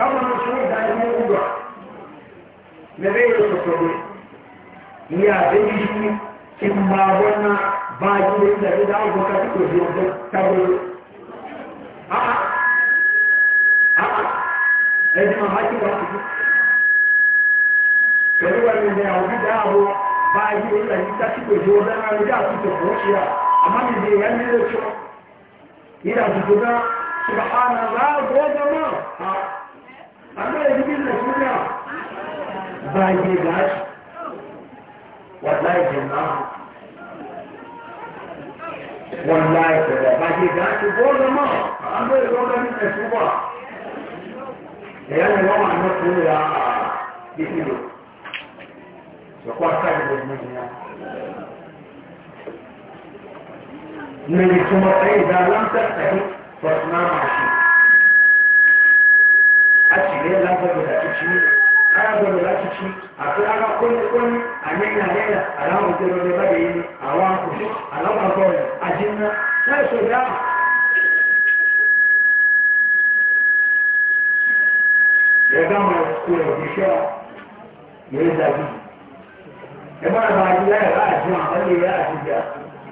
kama mshuhuda aliyeumbwa mebeyo sokobe ya beji kimbabona baji da da wakati ko jiya tabo a a a ejima haki ba ku kadi wa ne ya ubi da ho baji da da ta ko jiya da na da ku to ko shiya amma ne da ya ne da cho ila ku da subhanallah ko jama'a àbẹ́rẹ́ ní nàìjíríà báyìí láti wà láìsí náà wọ́n láìsí rẹ̀ báyìí láti bọ́ọ̀lù náà àbẹ́rẹ́ lọ́dọ̀ ní ẹ̀sùnwà ẹ̀yà ni wọ́n máa ń lọ fún ìyá bíbélò ṣùkọ́ àtàkì gbogbo ìyá. من ثم فإذا asìlẹ̀ lágbọ̀dọ̀ láti ṣí arábọ̀dọ̀ láti ṣí àti ara kọ́nikọ́ni àyẹ̀yẹ̀ àyẹ̀yẹ̀ aláwọ̀ òjòrò ní bá yẹn ni àwọn akùnṣe alábàbọ̀ rẹ̀ àjẹ́nà láìsọ̀ dá. yọ̀dá máa kú ẹ̀ òṣìṣẹ́ yẹn dàbí. ẹ bá ra bàá yíyá ẹ̀ láàjọ àwọn ilé yẹn àti ìjà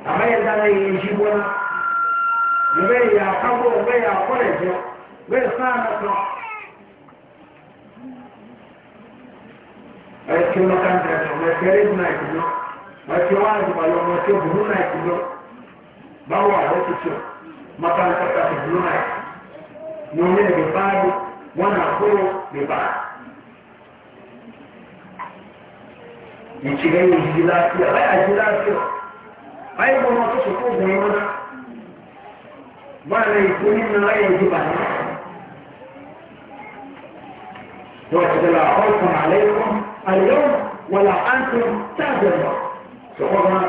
àmọ́ yẹn dáná yẹn ṣí bọ́ná. ìbẹ́ yà á kábọ̀ bẹ́ẹ̀ yà á kọ́ ẹtí ọlọ́kà ń tẹ̀sán ọmọ ẹtí ẹrẹ́dì náà ìdúró ẹtí ọwọ́ àdìbàlẹ̀ ọmọ ẹtí òbúrú náà ìdúró báwo àwọn tuntun mọ́tà ń tẹ̀sán ìdúró náà ní omi ẹ̀dẹ̀ báàbò wọn náà kúrò lè bá. ìtìlẹ̀ yìí yìí láàfíà báyà yìí láàfíà báyà bọ́ ọmọ tó sọ̀kọ́ ògùn yẹn wọn máa lè fún nínú ayé ìdíbàlẹ̀. Wọ́n ti dẹ̀ la ọ̀sán àlẹ́ kọ́. اليوم ولا أنتم تعلمون سبحان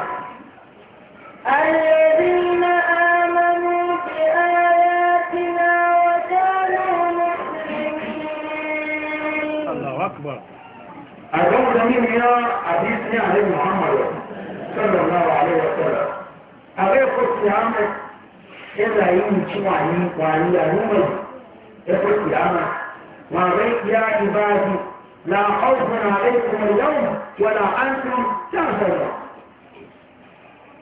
الذين آمنوا بآياتنا وكانوا مسلمين الله أكبر اليوم جميل يا حديثنا عليه محمد صلى الله عليه وسلم أغير قصة عامل إذا يمشي وعليه وعليه يومي يقول قيامة وعليك يا عبادي لا خوف عليكم اليوم ولا أنتم تحزنون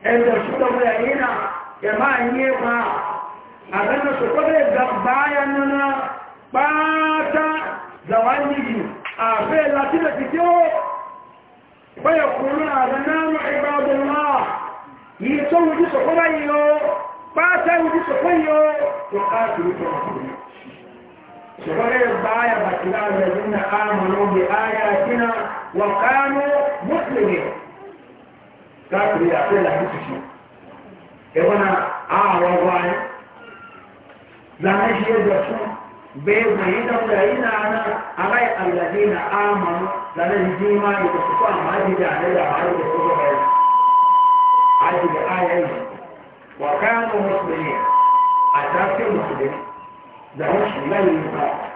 عند شكر هنا كما يفا أبنى شكر الزبايا لنا باتا زوانيه أفعل لاتنا تجو فيقولون أذنان عباد الله يتوجي شكر يو باتا يوجي شكر يو يقاتل في وغير الآية بكلام الذين آمنوا بآياتنا وكانوا مسلمين كافر يعطي الله بسشي يوانا آه والله زمان شيء يدرسون بين يدهم لأين أنا أغير الذين آمنوا لأن الجيمة يتصفى ما يجي عليها عارض الصغير عارض الآية وكانوا مسلمين أتاكي مسلمين da rashin layin ba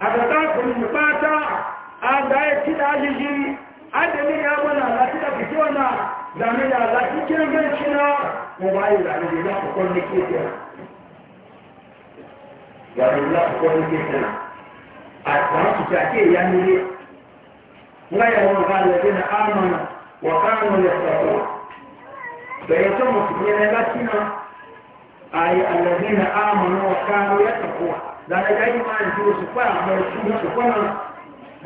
a ga zafin bukata a da ya ci da ajiji adami ya mana lati da fi tona da mai da lati kirgin cina ko ba yi da ne na kokon da ke tana ya ne na kokon da ke tana a tsawon su ta ke ya nile na yawon galibi na amana wa kanu ya tsawo da ya san mutum yana latina أي الذين آمنوا وكانوا يتقون ذلك أي ما يجوز سبحان ما يجوز سبحان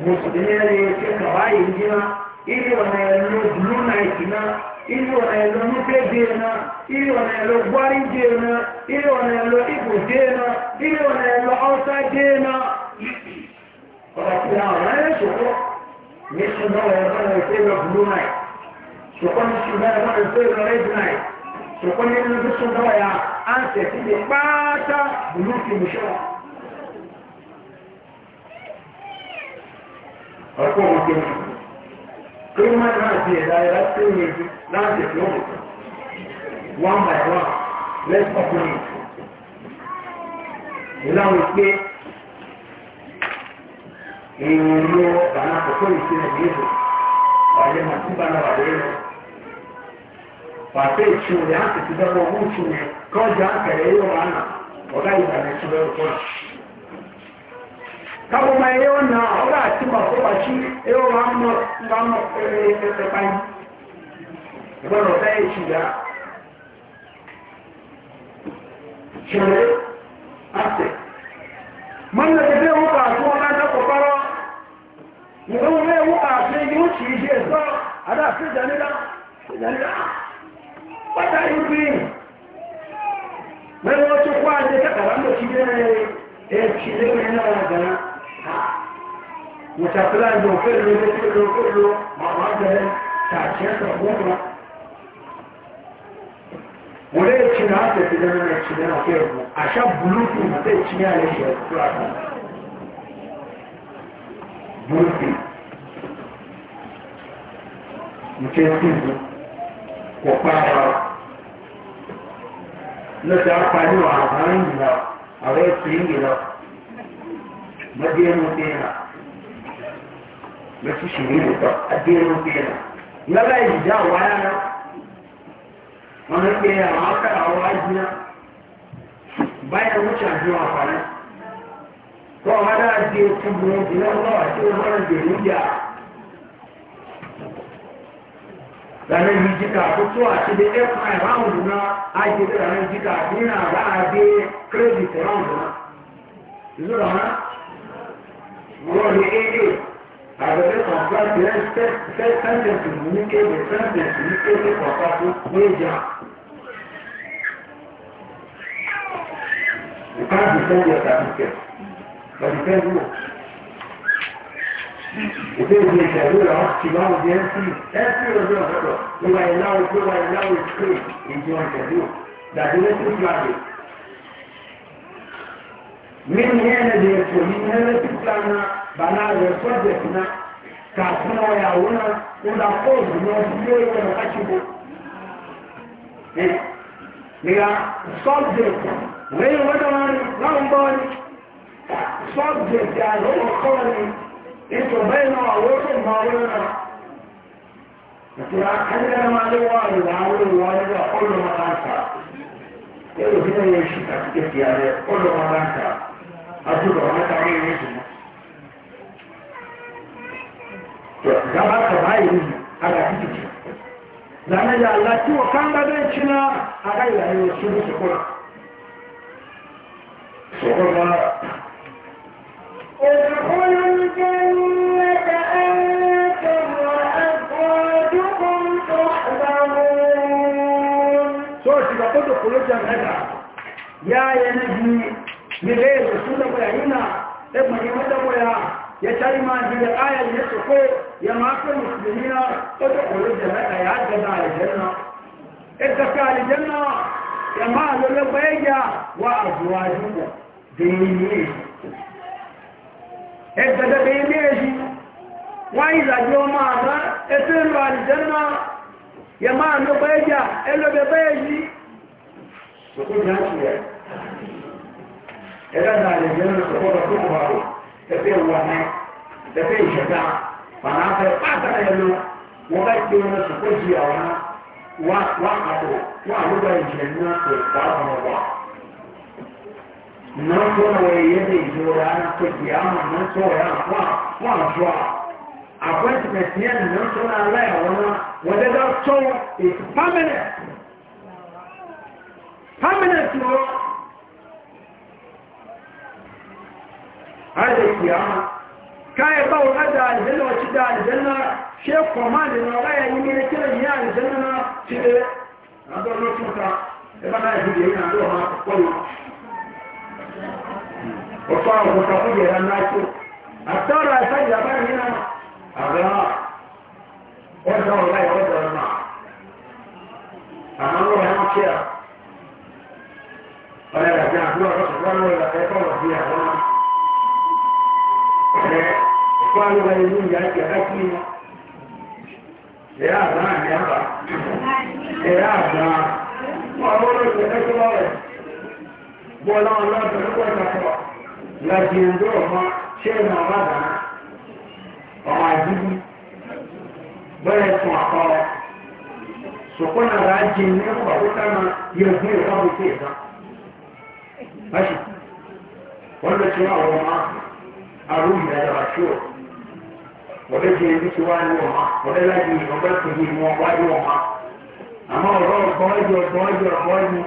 مسلمين كتواي جنا إلي ونا يلون نايتنا إلي ونا يلون نبينا إلي ونا يلون بارجنا إلي ونا يلون إبوجنا إلي ونا يلون أوساجنا ولكن هذا يشوفه مش نوع يلون يلون بلو نايت شوفان شو ما يلون يلون ريد نايت ṣùgbọ́n nínú tó súnmọ́ ya á ń tẹ̀sí lè pátá bùrú ti mú ṣọ́ ọkọ̀ òkè tó máa náà di ẹ̀dá ẹ̀dá tó ń rẹ̀ láti ẹ̀dọ́ one by one let's open it ìlànà pé èèyàn ló bàná àkọ́kọ́ ìṣẹ̀lẹ̀ yìí bọ̀ wàlẹ́ màtúbà náà wà lẹ́yìn ba ta yi ciwo ya haka su zama hutu ne kawai da haka ya yi wa ana wala yi da na ci bai kuma kawo ma yi wannan a wala a ci masu ba shi ya yi wa ana ba ma ɗaya bai ba na wata yi ci da cire ase man da zai wuka su wani na kwakwara mu zama mai wuka sai yi wuce shi ya sa a da fi janila fi janila What are you doing? Mẹ́rin wọ́n tó kọ́ àjẹ́ kàkàrà ń bọ̀ sí ilé ẹ̀ẹ́dì lẹ́gbẹ̀ẹ́ náà wà gàrà. Mùsàfíà ń bọ̀ fẹ́lú lẹ́gbẹ̀ẹ́ lọ́fẹ́lú màmá bẹ̀rẹ̀ tààṣẹ́ sọ̀gbọ́n wọ́n yẹ kyi náà tètè dẹ́nu náà kyi náà kò pa ara lọ́sẹ̀ apá ní wà àwọn ìyìnlá àwọn ẹ̀sìn ìyìnlá mọ́dé ẹnu bẹ́ẹ̀rà lọ́sí ṣìlẹ̀ ìlúta adé ẹnu bẹ́ẹ̀rà lọ́la ìdíjà wà ára wọn ń pe àwọn akára àwọn ajíná báyà wọ́n ṣàjú àǹfààní kọ́ ọ̀hánà àti ètò dana yi jika kutu a ti de f round na a yi de dana jika na ba a kredit round na izu ha wọ́n ní aa àgbẹ̀dẹ kọ̀ọ̀kan ti rẹ̀ first sentence ní kéde sentence ní kéde kọ̀ọ̀kan tó méjà. You can't defend your certificate, Depois de ditadura, nós tivemos diante de essa filosofia agora. O Ainal, o teu Ainal, o teu, e de onde viu? Da diretricidade. Min yana da ya ce, min yana tuta na bana da project na kafin waya wuna ko da kowace na wasu yoyi wani kashi ko. Daga subject, wani wani wani, na wani subject ya zama kawai ito baina wawoto mawulana ya kanyar malewa da wawulun wani da kullum matasa yau gina yin shi a cikin tiyare kullum matasa a duka wani tare yin shi gaba ka bayi yi a ga cikin shi zane da Allah ciwo kan gadon cina a kai da ya yi nabi mire da su da bayana da mahimman da baya ya tari ma da ayar ya soko ya mafi musulmi na wata kolin jama'a ya gada aljanna ita ka aljanna ya ma'a lullu bayayya wa a zuwa jinda da yi ne ẹgbẹ̀gbẹ̀ ilé ẹ̀ṣì wọ́n ìrìnàjò ọmọ àmá ẹ̀tẹ́ ìlú àdìjẹ́nà yẹ máa ló bẹ́ ẹjà ẹlọ́bẹ̀ bẹ́ ẹ̀ṣì Wọ́n àlúgbà ìjẹ̀ náà pẹ̀lú àwọn ọ̀wà nan gona wai yadda ido rana ta kiyama nan tsoron kwan zuwa akwai tafiyan nan suna laya wani wadda za so is permanent permanent no har da kiyama kayan ba wa da aljanna wacce da aljanna shekwa ma da na raya yi mai kiran yi aljanna na cire na don lokacin ta ya ba na yi hujjayi na zuwa ma kwakwalwa ọkọ àwọn kakú yẹra n'akó àtọ́rọ àtàjì àbáyé náà àgbà ọ̀dọ̀ ọ̀la yẹ ọ̀la àmọ́ ló wà ní kíá ọ̀la àti àbúrò ọ̀dọ̀ ọ̀la yẹ ẹ̀kọ́ ọ̀dọ̀ yẹ àwọn ẹ̀ ọ̀kọ́ àlùbá yẹ ní ìyá ìyá ẹ̀kú yẹ ẹ̀yà àgbà àmì àbà ẹ̀yà àgbà ọ̀bọ̀n ló ti bọ́lá ọlọ́dún lọ́pọ̀lọpọ̀ lọ́dún ìrúdó ọmọ ṣé ìmọ̀ ọmọ àdáná ọmọ àdúgbò bẹ́ẹ̀ fún àkọ́ sọ̀kọ́nà rà jẹ ní ọkọ̀ àkókò náà yẹ fún ìwọ́n bó tẹ̀ ẹ̀dá. báṣì wọ́n lọ sí àwọn ọmọ àrùn ìrẹ̀lẹ̀ àṣọ wọ́n lè jẹ ibi tí wọ́n á ní ọmọ wọ́n lè láti ìwọ́n bá tẹ̀lé àmọ́ ọ̀rọ̀ ọ̀gbọ́n ẹ̀jọ̀ ọ̀gbọ́n ẹ̀jọ̀ ọ̀gbọ́n ẹ̀jọ̀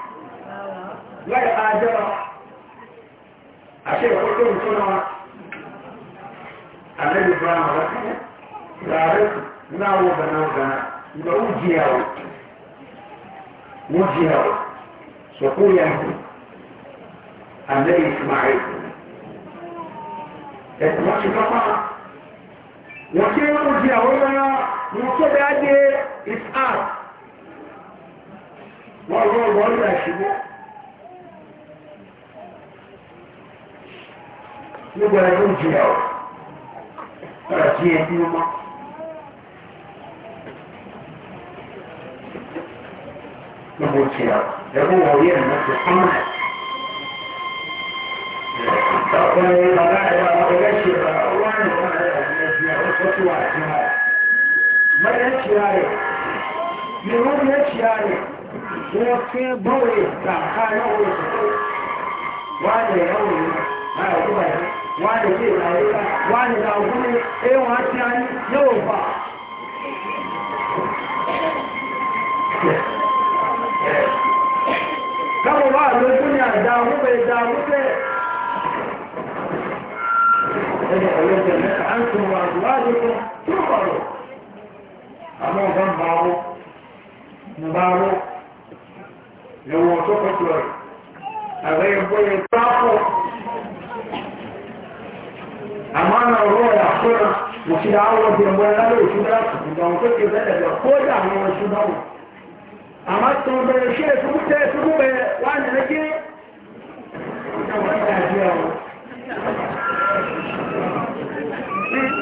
láì àjẹ́ra àṣẹ ìwọ́pẹ́ ìfúnná wa àlẹ́lẹ́ bá wọn wá láàárẹ̀ náà wọ́n bẹ̀rẹ̀ náà gan ìgbà ó jí àwọ̀ wọ́n jí àwọ̀ sọ̀kú yà àlẹ́ ìsmáyé wọn ti kápá wọ́n dé ìsáà wọ́n rọ̀ wọ́n rẹ̀ níbo la yóò jìyà o ọ̀rọ̀ tí yẹn dúró mọ́. níbo jìyà o lẹ́kọ̀ọ́ wọ̀ orí ẹ̀ náà ti kọ́ mọ́ ẹ̀. ọkùnrin bàbá ẹ̀ bá ọ̀rẹ́ ṣe bá wà ní ọ̀rẹ́ ẹ̀ ọ̀rẹ́ jìyà ó sọ sí wà á jìyà o. mọ̀lẹ́ jìyà rẹ̀ ni wọ́n lé jìyà rẹ̀ wọ́n fi bóyè gbà ká náà wọ̀ wá lè náà wọ̀ náà wọ́n bá yẹ wọ́n lè lè ráyé wọ́n lè ra òun ní ẹwọ́n àti ayé yóò fà. káwọn wà lójú ní àdá wúwo ìdá wúwo ẹgbẹ́ ọlọ́jọ́ mẹ́ta á ń tún wọn àdúrádé kan tó kọ̀rọ̀ àwọn ọ̀gá ń bá wọ́ ń bá wọ́ amma na ruwa da kuna mutu da awon da yamma na da wasu da su da wasu ke zai da ko da na wasu da mu amma tun bai shi su mutu su kuma wani na ke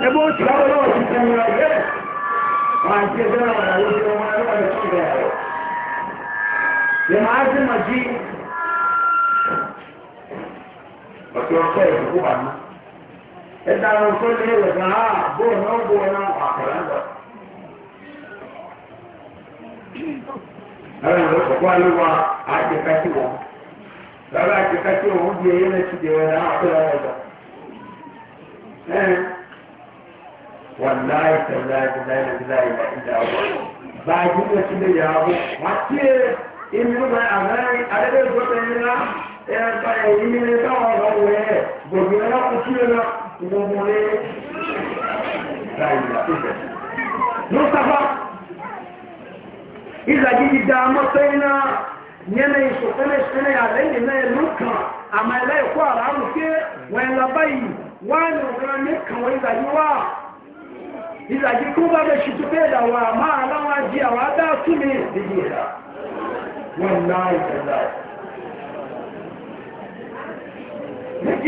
ebe o ti kawo lọ́wọ́ ti tẹ̀lé ọ̀gẹ́ wọn ti ẹgbẹ́ wọn àwọn ọmọdé wọn ló wà lọ́wọ́ ìgbà yàrá yẹn máa ti mọ̀ jí ọ̀sẹ̀ ọ̀sẹ̀ ìdókòwò àná. ẹ̀dá àwọn tó lé rẹ̀ gan á bó náà bó náà àkàrà lọ. Ẹ̀rọ ìlú kọ̀kọ́ àlúwa àjẹká sí wọn. Bàbá àjẹká sí òun di eyín lẹ́sí di wọn náà àpẹẹrẹ wọn lọ. Wọ́n náà ìtẹ̀lá ìdílá ìdílá ìdílá ìdílá wọn. Báyìí ló ti lè yà á bọ̀. Wọ́n ti ìlú bá àgbáyé wọ́wọ́rẹ́ Mustapha izaji gida matsayina yanayin su kane-kane a lẹ́yìn náà lókàn a ilẹ̀ ẹ̀kọ́ ara rúké wọ́n yẹn labáyì wọ́n ni ọ̀gá mẹ́kàn wọ́n izaji wá izaji kó bá bẹ ṣùtú pé ìdàwọ̀ àmà aláwọ̀ ajé àwọn adá túnmí ìdíjì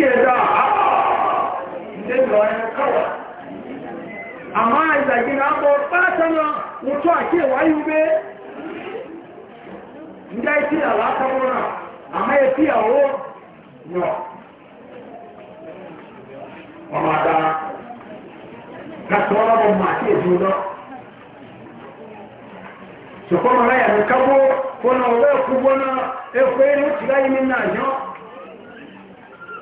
ẹ̀dá sai da wani kawai amma a zagi na abuwa fatan nan mutu a ke wayo be inda ya fiya lata wura amma ya fiya wo no ọmọ da kasa wala bọ ma ke ju lọ sọkọ mara ya ni kabo kọnà ọwọ ẹkú gbọnà ẹkú ẹni ó ti láyé nínú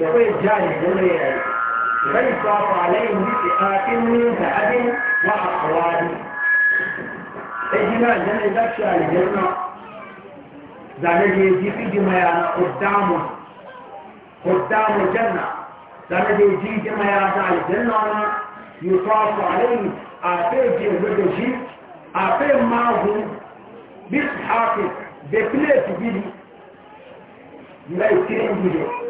يقول الجانب يقول فيصاف عليهم بفئات من ذهب وأقوال إجماع جنة دكشة الجنة ذلك يجي في جمعنا قدام قدام الجنة ذلك يجي جمعنا الجنة يصاف عليهم أعطيه جنة شيء أعطيه معظم بصحاك بكلية جديد لا يتكلم جديد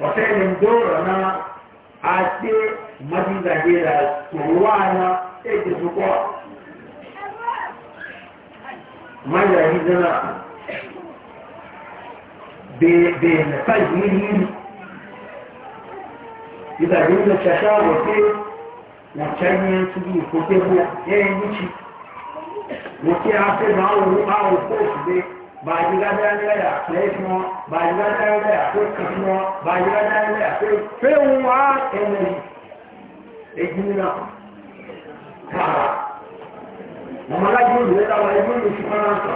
watayin dora na a ce madizage da turuwa na ɗaiɗe su kuwa majahi zana bai na kan yiri ìgbàgbé ló ṣaṣá wọ̀ pé wọ́n ṣẹ́yìn ẹ̀ tún bí ìfòkébó ẹ̀yìn níṣì wọ́n kí á fẹ́ máa wọ́n á wọ́n kóòtù bẹ́ẹ̀ bàjílájáńlẹ̀ àpẹ́ ìfún bàjílájáńlẹ̀ àpẹ́ ìfún bàjílájáńlẹ̀ àpẹ́ ìfẹ́hùn wá ẹ̀mẹ̀ ìgbìnà tààrà ọmọlájú ìlúwẹ́ táwọn ẹgbẹ́ olùsù fọ́nà sọ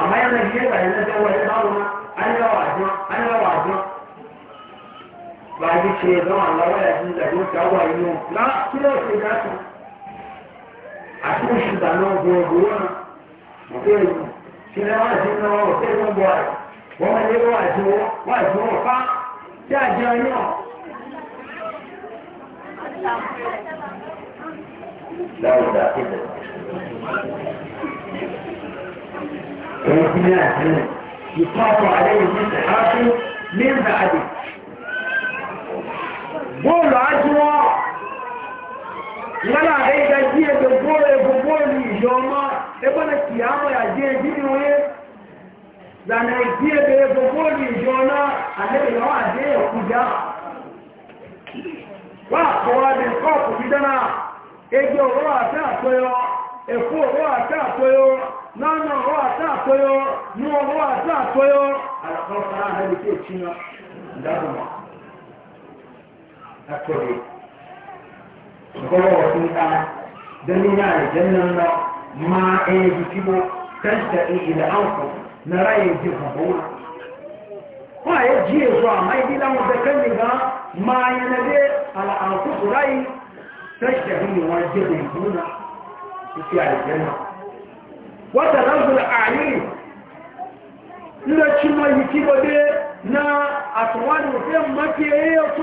àmọ́ ẹ̀mẹ̀ ìgbé ìbàjẹ́ tẹ́wọ́ ẹ̀ báwọn aníláwọ̀ àjọ aníláwọ̀ àjọ bàjí ṣe lọ́wọ́ àlọ́wọ́ ẹ̀dùn ìdàgbò táwọ̀ inú lákúrẹ́ òṣèlú àti òṣìṣẹ́ ìdáná ọgbọ̀n ọgbọ̀n náà kí ni wọ́n ti kọ́ ọ́ ṣé fún bọ̀ ẹ̀ wọ́n máa yẹ wọ́n àti wọ́n àti wọ́n fa ṣé àjẹ ọyàn. Báwo dà sí Èyí ti ní àtìlẹ̀. Ìtọ́kọ̀ àlẹ́ yìí ti sẹ̀ká fún ní ìgbà àdì. Bóòlù àjùwọ̀n yana dai da jiye da gore gore ni joma e bana kiyama ya je dini we da na jiye da gore ni jona ale ya wa je kuja wa ko wa e e de ko ku bidana eje oro ata apoyo efu nana oro ata apoyo nu oro ata na bi ke china ndabo gọwọ ọdún kama don yana da jannan na ma ɗaya jiki bo kan ta iya da an na raye ji haɓuna kuma ya ji ya zuwa mai gida mu da kan riga ma ya na dai al'anku su rayi ta shahi ne wa ji da yuna su fi a janna wata nan zuwa a yi na cimma yiki ba dai na atuwa da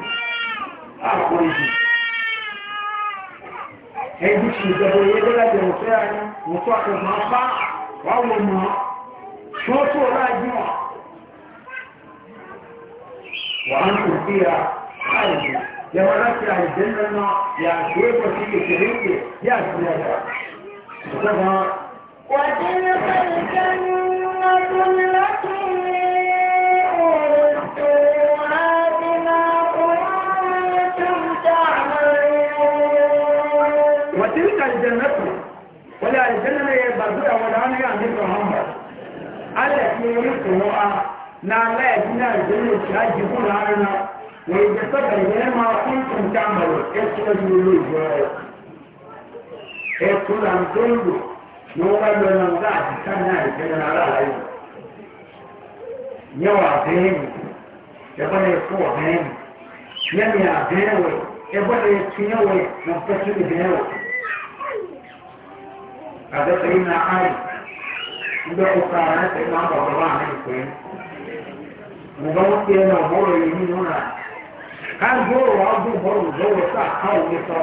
àforíjì ẹbí tí ìjọba láti ọ̀fẹ́ ayé wọ́n tó àtẹ̀mọ́ bá wà wọ̀ mọ́ tí tó láàájú wà ń kò sí ra àìsàn yẹwọ́n láti àìsàn lọ́nà yàtò ẹ̀kọ́ sí aljannatu wani aljanna ne ba zuwa wani hannu ya ne kan hamba Allah ke yi tsoro'a na Allah ya gina aljanna shi haji kuna harina wani da saka ne ma kuntun tamaro ya kuma yi lo jiwaye ya kuma dondo na wani nan za a ji kan na aljanna na ra'ayi yawa ya bane kowa bayani yami a bayani ya bane cinyewa na fashin bayani àti sẹ́yìnà áyì ndé kókó àwọn ẹsẹ̀ náà bọ̀ bọ̀ àwọn ẹ̀kọ́ yẹn. Mùgbọ́n wọ́n ti ẹ̀ náà bọ̀rọ̀ yìí nínú rà. Káàdì bọ̀rọ̀ wà ọdún bọ̀rọ̀ bọ̀rọ̀ sọ àkáwò yẹn sọ.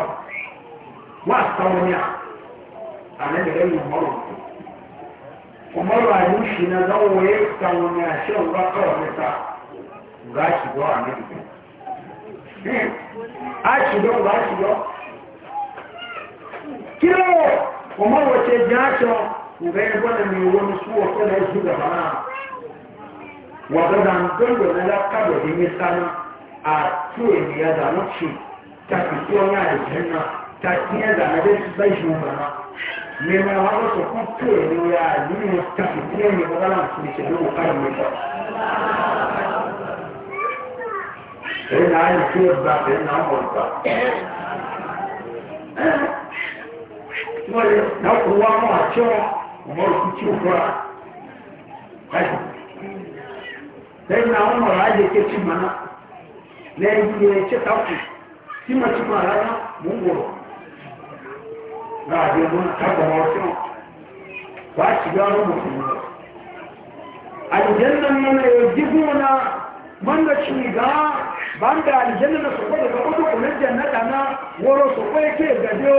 Wọ́n àtàwọn ní à. Àlẹ́ bẹ̀rẹ̀ yìí mọ̀rọ̀. Mọ̀rọ̀ àyùn sì náà lọ́wọ́ yẹ káwọn ní àṣẹ òwúrọ̀ káwọn kuma wace jacho ga yi gwada mai wani suwa kuma ya shiga bana wadda da ngongo na lakado da yi sana a tuwe ne ya zama ci ta fi tuwa ya da jenna ta tiya da na bai bai shi bana ne ma wani su kun tuwe ne ya yi ne ta fi tiya ne ba zama su ne ke dubu kan mai ba sai na yi tuwa ba sai na amurka wọ́n náà kó wá mọ́ àti wọn ọmọ òkú tí ó kọ́ra káyì lẹ́yìn àwọn ọmọ rẹ̀ ayé ké tí màná lẹ́yìn yẹ kí ká kù tí mà tí mà rárá mò ń wọ̀ náà àdé mọ́ kábọ̀ wọn sí wọn wàá sì yọ ọmọ òkú wọn. aljannan nan ya jigo na banda shiga banda aljannan da su kwada ga kudu kunan jannata na woro su ke gajo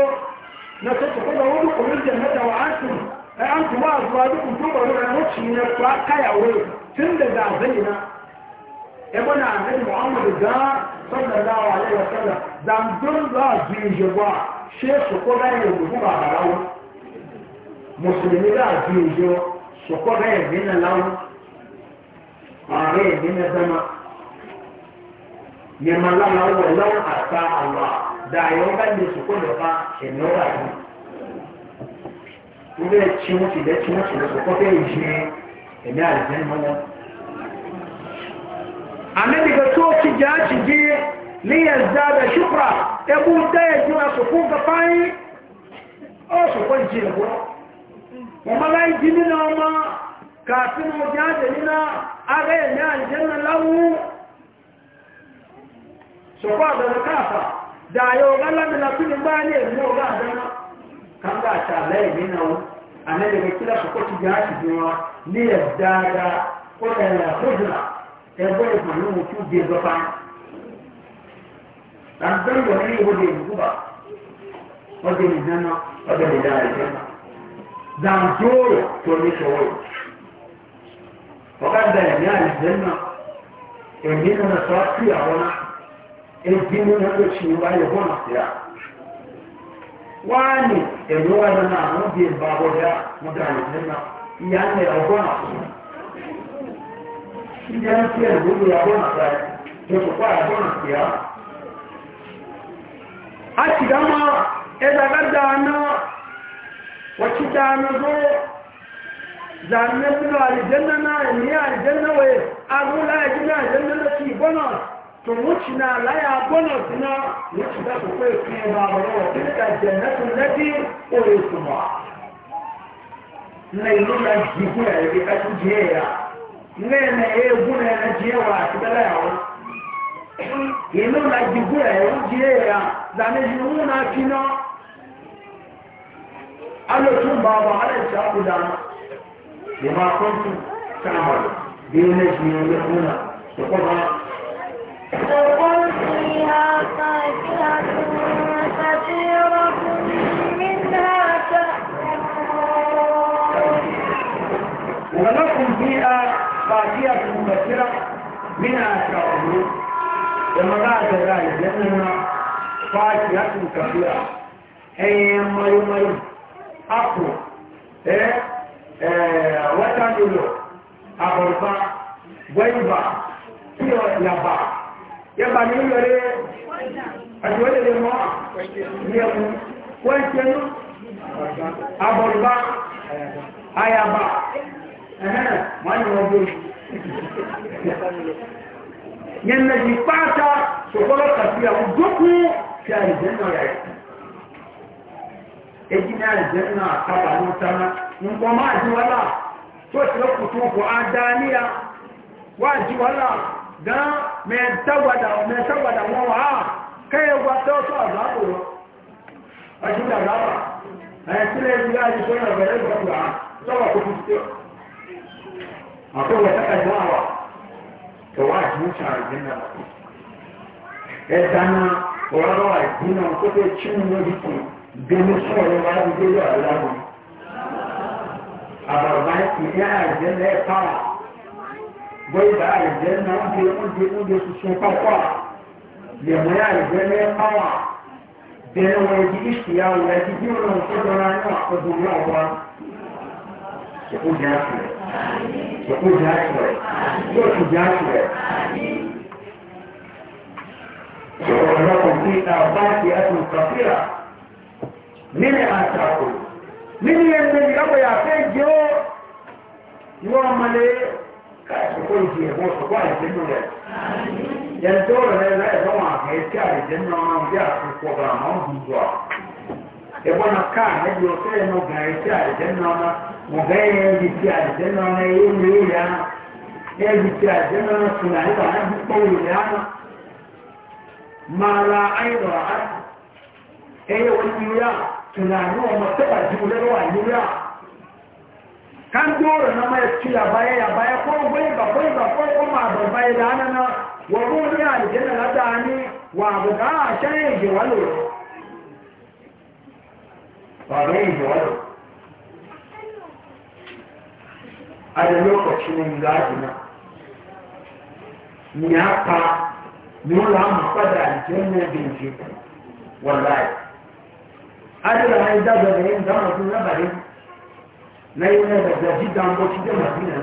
لتدخلون لكم الجنة وأنتم أنتم وأزواجكم تبرون عن وجهنا وكيوي تند زعزينا ابن عبد محمد الزار صلى الله عليه وسلم زمدون لا زيجوا شيخ سقوطا يوجدون على لون مسلمين لا زيجوا سقوطا يبين لون ààrẹ ìdínẹ́sẹ́mà yẹmọ aláwọ̀ lọ́wọ́ àtà àwọn da yau kan da su kun da fa ke nora ni ile ci wuce da ci wuce da su ko sai ji ene aljan mana annabi ga so ki ja ci ji li yazada shukra e bu da ya ji su kun ga fai o su kun ji ko kuma lai ji ni na ma kafin mu ja da ni na aga ene aljan da yau galan na kuni ba ne mu ga dana kan ga ta lai ne nawo anan daga kila ko ko tiga shi jiwa ne ya daga ko da ya hujra e bo e bu mu ku de do dan dan yo ni bo de bu ba o de ni o ni dan jo to ni so wo وقد بيان ebini na ekyi wa yɛ hɔ n'asea waani ɛyɛ wa yɛ na mo di mbaabɔ ya mo da yɛ ne na ya na yɛ hɔ n'aso ya nsi yɛ wo yɛ hɔ n'asea yɛ kɔkɔ yɛ hɔ n'asea ati dama ɛdaga daana wɔkyi daana do zanne bi na alijanna na ɛnìyɛ alijanna wɛ agola ɛgyina alijanna na ti bɔ na to wuce na laya gona suna wuce da su kai su ba ba ba tun da jannatu lati ore su ba na ilu na jiku ya yi ka su jiye ya ne na ye guna na jiye wa su laya wa ilu na jiku ya yi jiye ya da ne ji mu na kino ba ba ala ta ku da ma kuntu kana ba bi ne ji ne kuna ko لكم فيها فاكهة كثيرة منها تأكلون ولكم فيها فاكهة كثيرة منها تأكلون ومرات ذلك لأنها فاكهة كثيرة أي مريم مريم أقوى وتنجلو أغربا ويبا كيو لبا yẹba ní yọrẹ àjọyọ̀ lè mọ́ yẹ̀kú kwẹ́ntẹ́nu abọ̀lùbá ayaba ẹ̀hẹ́n wọ́n yọ̀ ọdún yẹn lẹ́yìn pátá ṣòkọ́lọ́ kàfí àwọn gbókú tí a lè jẹ́ náà yà yìí èyí ní àìjẹ́ náà kábà ní sáná nǹkan tó ṣe lọ́kùnkùn kò á níyà wá jí a mẹ́tàgbàdà wọn wà á kẹ́yẹ gba tọ́tọ́ àgbàkò lọ ọjọ́ àgbàkò ẹ̀sílẹ̀ ìgbìlá ìṣẹ́ ìrọ̀lẹ́ ìgbàgbà lọ́wọ́ kò fi ṣe àkọwẹ̀ tàkàjọ́ àwà tọ́wà ìmúṣà ìgbìnà ẹ̀dáná ọ̀rọ̀lọ́wà ya tó fẹ́ chíun lórí fún bẹ́ẹ̀ sọ̀rọ̀ wá ní gbé bai da aljanna wanda ya kunje kunje su sun kwakwa ya mai aljanna ya kawa da ya wani ji ishtiya wa ya ji biyu na wasu da rani a kwadon ya uwa ya kunje ya su ya kunje ya su ya kunje ya su ولكم فيها فاكهة كثيرة من أتاكم من الذي أبى يعطيك جو يوم عليه kókó ìdí ẹ̀gbọ́n sọ̀kọ́ ní ọmọ sùn àyíká náà bí yá kan dora na mai ci ya baya ya baya ko bai ba bai ba ko kuma ba bai da nan na wa ruwa ya aljanna la da ni wa bu ga shay ji walo wa bai ji walo a da lokacin gaji na ni ya ni la mu fada aljanna bin ji wallahi a da haida da yin da mutum na bari na ẹ̀dẹ̀dẹ̀ dídá ń bọ́ sí dé màdínà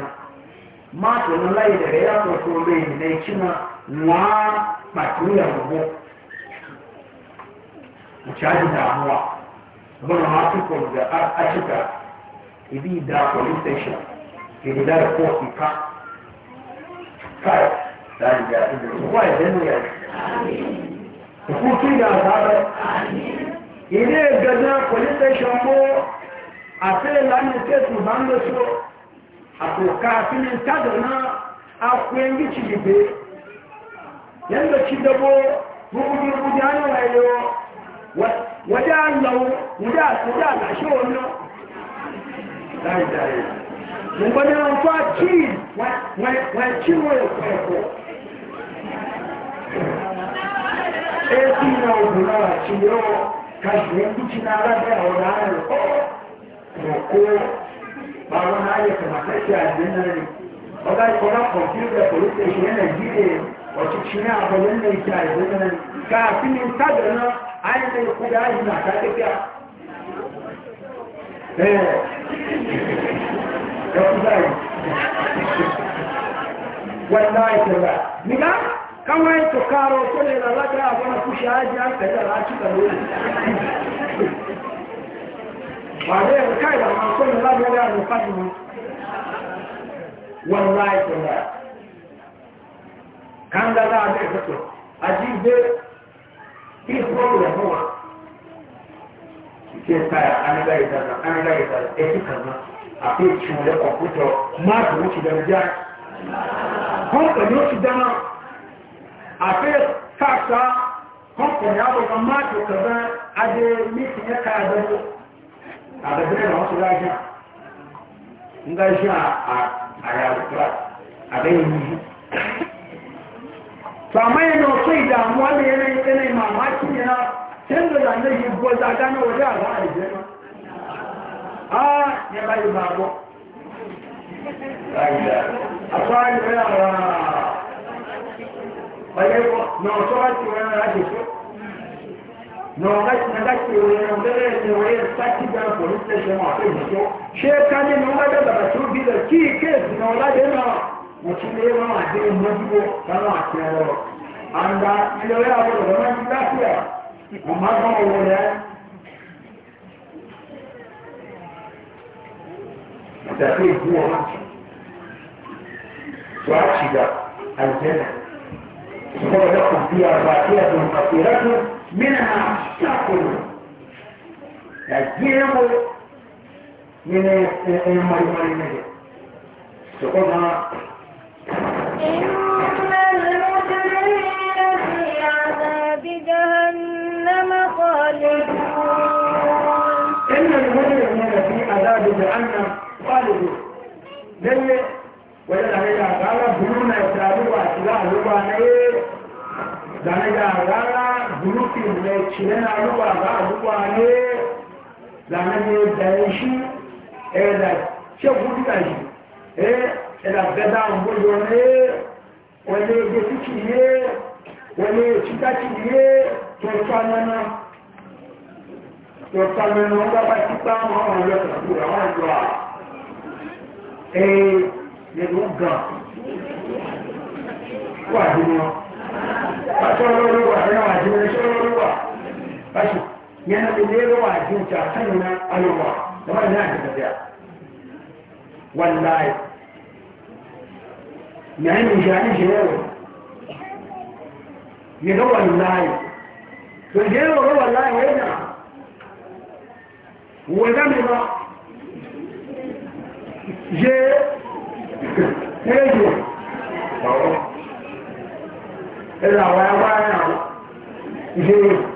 máa tó ní na wọ́n á pàtó ìyàwó bọ́ ìṣá dídá àmúwà ọgbọ́n máa tó pọ̀ ga àṣìkà ibi ìdá police station èdè dára pọ̀ ìka káì láì ìdá ìdá ìwọ́ ya yẹn òkú kí ìdá àgbà mbụ. àti ìlànà kéèkù bá ń lọ sọ àpòká na tàbí náà akú ẹni ti dìbè yẹn lọ sí dọ́gbọ́ rúgbùdúrúgbùdú ánìwà ẹ̀yọ wọ́dí àlọ́wọ́ wọ́dí àtúndí àgbàṣẹ́ òun náà dáìdáì nǹkan ní wọn tó àjí wọn tí wọn ẹ̀kọ́ ẹ̀kọ́ èyí tí kó ba wọn ayẹ kọmọkẹsì àdéhùn rẹ ọgá ìkọlá kọmpútà pòlítì ìṣẹlẹ nàìjíríà ọtútù ní àbọlẹ ní ìṣẹ àdéhùn rẹ káàfin ní sábẹ náà ayé ní ìkúdà ayé ní àkàtẹkẹ ẹ ẹ kúdà yìí wọn náà ìṣẹlẹ nígbà káwọn ètò kárọ tó lè rà lágbára àwọn akúṣe ajé àkẹtẹ wàlẹ́ ẹ̀rọ káyọ̀ àwọn akọ́nà lábẹ́rẹ́ àrùn fáyọ̀ wọn láì tẹ̀lé kàńdàlá abẹ́ ìfẹ́tọ̀ àjíǹde kí fọ́ọ̀lù ẹ̀ fún wa ìṣe táyà anága ìdáná anága ìdáná ẹtí kàná àti ìṣùwọ̀n ẹ̀kọ́ púpọ̀ máàkì ó ti dẹ̀rẹ̀ já kọ́ńtà ni ó ti dáná àti káàkiri kọ́ńtà ni á bọ̀ máàkì kàná adé ní ìṣẹ̀yẹ káyà dẹ́gbẹ̀ẹ́ a àbẹ̀bẹ̀rẹ̀ wọn ti lájà ńgájà àyàwòrán àbẹ̀yìn na Sàmáyé náà tó ìdààmú wọn lè rìn na màmá kí ni na ṣé ń lòdà ní yìí bọ́ dáadáa náà wọlé àbá àìjẹ́ na Á yẹ báyìí máa bọ̀. Àtọ́ àyè rẹ̀ àwọn ọ̀yẹ́kọ̀ náà tó àti rẹ̀ rẹ̀ àjẹsọ́. na wakati nataki unaendelea niwaye sitaki bana polisi station wapi msho shekani naona baba tu bila ki kesi na wala dema mchile mama adili mmojibo kama akina leo anda ndio leo hapo kama kitaki ya mama kama wale mtakiwa kuwa macho tuachiga aljanna sababu ya kumpia bakia kwa kafiratu منها تاكل تجيب من المرمى سقطها إن المجرمين في عذاب جهنم خالدون إن المجرمين في عذاب جهنم خالدون ليه ولا هي قال بنونا يتابعوا أسلاح لبانيه دانجا قال nufin mai cinana ruwa ba a ruwa ne zanen da ya shi ɗaya da ce gudu da shi ɗaya da gada gudu ne wani ya fi ne wani ya ci ta ci ne to tsanana to tsanana wanda ba ci ta ma wani ya tafi da wani zuwa eh ya dogga kwa duniya. wà ní àwọn àjíwẹ́ bashi yana da ne ruwa jin ta hanyar alwa da ba na da tafiya wallahi na yi nishani shi yau ya ga wallahi to je yau ga wallahi ya yana wanda mai ba je ne je ɗaura wa ya bayan je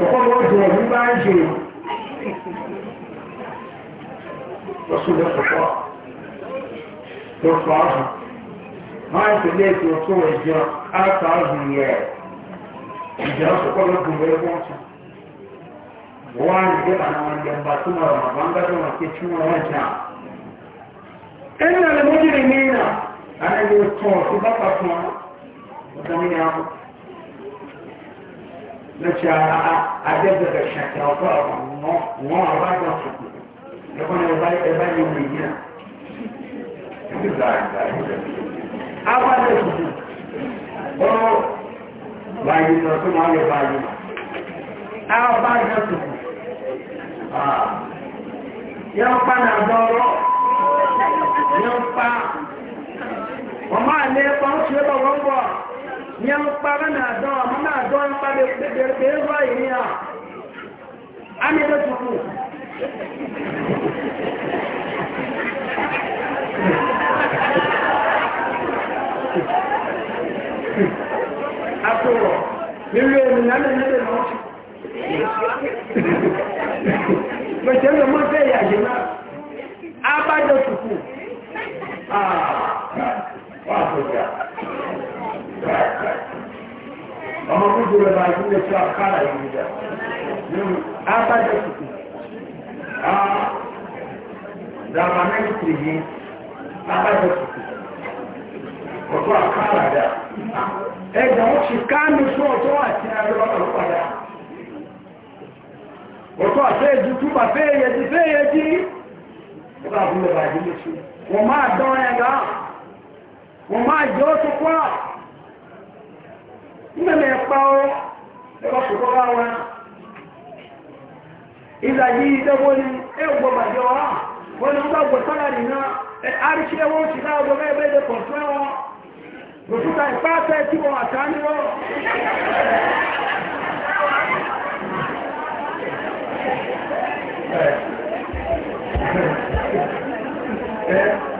ọ̀pọ̀lọpọ̀ ọdún bá ń ṣe lọ́sọ̀lọ́sọ̀pọ̀ lọ́sọ̀ ọ̀hún máa ń tẹ̀lé ètò ọ̀tọ̀ ìjọ àtàzùn yẹ ìjọ ọ̀pọ̀lọpọ̀ ẹgbẹ́ ọ̀tún wọ́n á lè àwọn ọ̀dẹ̀mbà tó mọ̀ ọ̀rọ̀ àwọn gbádùn wọn kí tí wọ́n wọ́n jà ẹni àlẹ́mọ́jú rẹ̀ ní ìrà àlẹ́ yóò tọ̀ sí bá pàtó wọn ọ̀tọ̀ mi ni a kọ́ نشا عدد الشكا وطرق الله بعد الشكا يقول يبالي مليا أولا أو بايدي رسول الله بايدي أو بايدي رسول آه يوم نظره يوم وما عليه طرق يبقى وانبقى nyankpara na dɔn mu na dɔn kpa de de de de eva yi ni a ami de tutu ato wɔ lili omi na mi ne de na ɔtsi mɛtɛ mi mo fɛ yagi na aba de tutu ọmọ gbogbo rẹ̀ máa yí lẹ́sọ́ àkàrà yìí dà nínú abájọ́ tuntun dàmà mẹ́tìrì yìí abájọ́ tuntun ọ̀tọ́ àkàrà dà ẹgbẹ̀ wọ́n ti káàmì fún ọ̀tọ́ àti àríwá padà ọ̀tọ́ àfẹ́ẹ̀jú túbà fẹ́ẹ̀yẹ̀dì fẹ́ẹ̀yẹ̀dì ọba àbúlọ̀ bàjẹ́ lẹ́sọ́ wọ́n máa dán ẹ̀gá wọ́n máa jẹ́ ọ́ tó pọ̀ nne na-ekpe ọrụ ẹgbọ́sọ̀kọ́ wa ìlàjì ìdẹ́gbọ́ ni ẹgbọ́ bàjọ́ wa wọ́n ni wọ́n gbọ́ sọ́lá nìna àríṣí ẹwọ́ dị láàgbọ́ ẹgbẹ́ ilẹ̀ ka ẹwọ́ òṣùta ìpáàtẹ́ tí Yeah.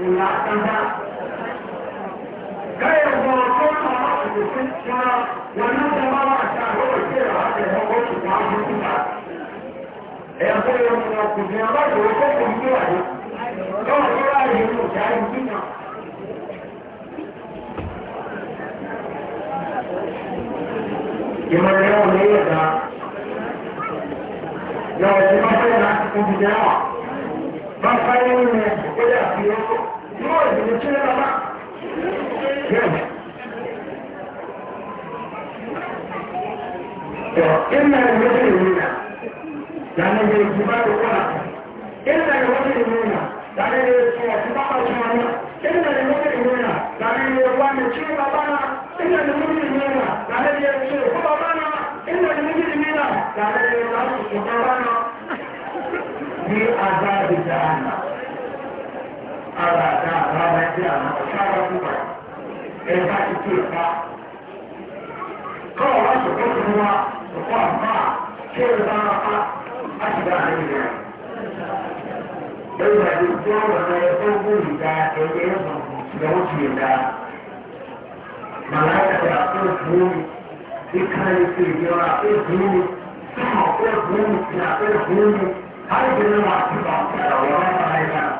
Gaya ní ọmọ wà máa fẹ́ láti fún wà. Bá fáyé nínú ẹ̀ ya biyo yóò yẹ kí ẹ bá bẹ́ẹ̀. Ina yi wata yi nuna, da na yi zuba da kuna. Ina yi wata yi nuna, da na yi zuwa zuba da kuna. Ina yi wata yi nuna, da na yi wani ce babana. Ina yi wata yi nuna, da na yi ce babana. Ina yi wata yi nuna, da na yi wani ce babana. Ni azabi da ana ara àdá àrá wa jẹ́ àwọn ọ̀ṣá wa ẹ bá ti tó ìpa. Kọ́ọ̀ wá sọ̀kọ́ fún wa sọ̀kọ́ àmà ṣé o bá wa pa láti bá àwọn ènìyàn. Lẹ́yìn àti ìjọ ọ̀rọ̀ ẹ tó gbó ìdá ẹyẹ ìyàwó ti ìdá. Màláyà ti àpò ìdúró mi, ìkànnì ti ìjọba àpò ìdúró mi, sọ̀kọ́ ìdúró mi ti àpò ìdúró mi, àìjẹ́ náà wà sí ọ̀pọ̀ ọ̀rọ̀ ọ̀rọ̀ ọ̀rọ̀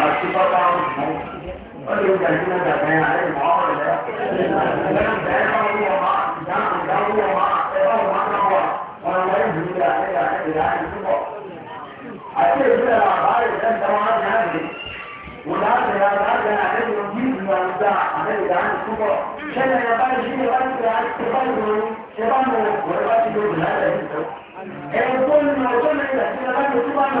àti bàbá ọ̀hún wọ́n lè gbà sí ọjà bẹ́ẹ̀ alẹ́ ìmọ̀ ọ̀rọ̀ rẹ̀ lẹ́yìn bẹ́ẹ̀ bá wú ọmọ ìdá ìdá wú ọmọ ẹ̀rọ ọmọ náà wà wọn lọ ìlú ìlà ìlà ìlà ìtúbọ̀. àti èyí lẹ́la àbá ìlẹ̀ ń tẹ́wọ́n láti náà lè wò láti rà láti rà alẹ́ ìlú bí ìlú àwùjá alẹ́ ìlà ìtúbọ̀. sẹ́yìn ẹ̀yà bá yìí ṣe láti rà ṣe bá ìlú ṣe bá mọ̀ wọ́n bá ti lò láti rẹ̀ ẹ̀rọ tó ń lọ tó ń lọ ìgbà tí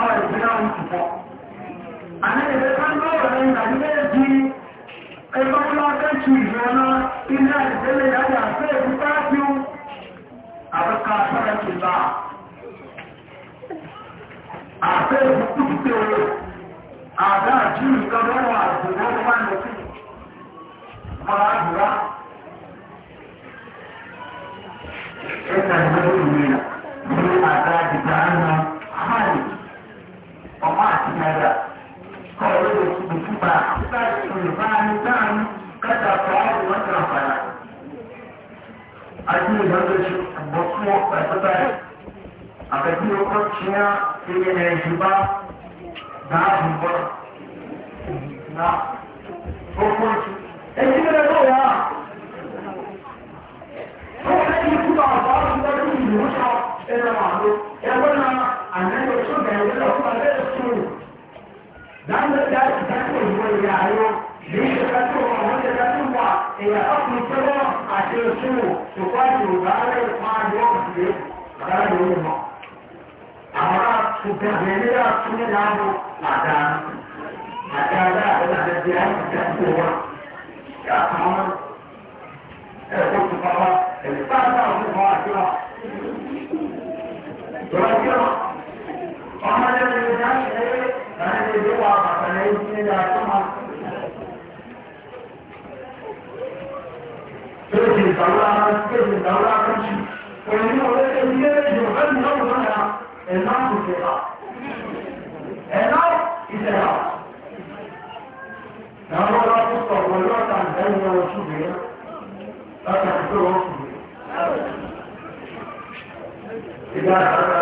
àwọn ìpínlẹ̀ àwọn ìpínlẹ̀. Àní ìrẹ́ sáńgbọ́ ọ̀rẹ́ ìdàgbẹ́ ti ẹgbẹ́ ọlọ́dẹ́ ti ìrọ̀nà ilé àìsẹ́lẹ̀ yàrá àfẹ́ ìpúpá sí ó. Àbẹ́ka sára ti bá. Àfẹ́ ìpúpú ti pé o. Àdá àti ìgbàlọ́wọ́ àdúgbò wà lọ́sí. Mọ̀lá àdúrà. Ẹ̀ka ìgbàlọ́wọ́ ìwé ni àdá àdìgbà ń náírà kọ̀wé òkú fúnpa nígbà tí olùbá ní dáhùn kẹta fún ọ̀rọ̀ wọn tó àfàlà. Àti ìdájọ́ ṣe bọ́ fún ọ̀pá ìtọ́ta rẹ̀. Àbẹ̀bí ọkọ̀ tí a ti yẹ ẹ̀ jù bá dáàbò bọ́. Nà ó kọ́ ju. Èyí ni ẹ̀rọ wà. Ó fẹ́ kí ikú لأن ذلك تكون والعيون ليش تكون وهذا تكون إلى أصل السماء عشان سوء تقاتل بعد ما يوم سبيل غير يوم أمرا سبحانه سبحانه ماذا ماذا لا هذا الجهاد تكون يا أمر قلت فقط اللي بعد أصل فاكرة ولكن أمر الإنسان Tani ne wa masanai shi da kuma. Kirkin daura, kirkin daura kan shi. Wani ne wani ɗan yi yare yi wani ne wani wani ya, and now to say out. And now is an out. Now what I put up, what I can tell you what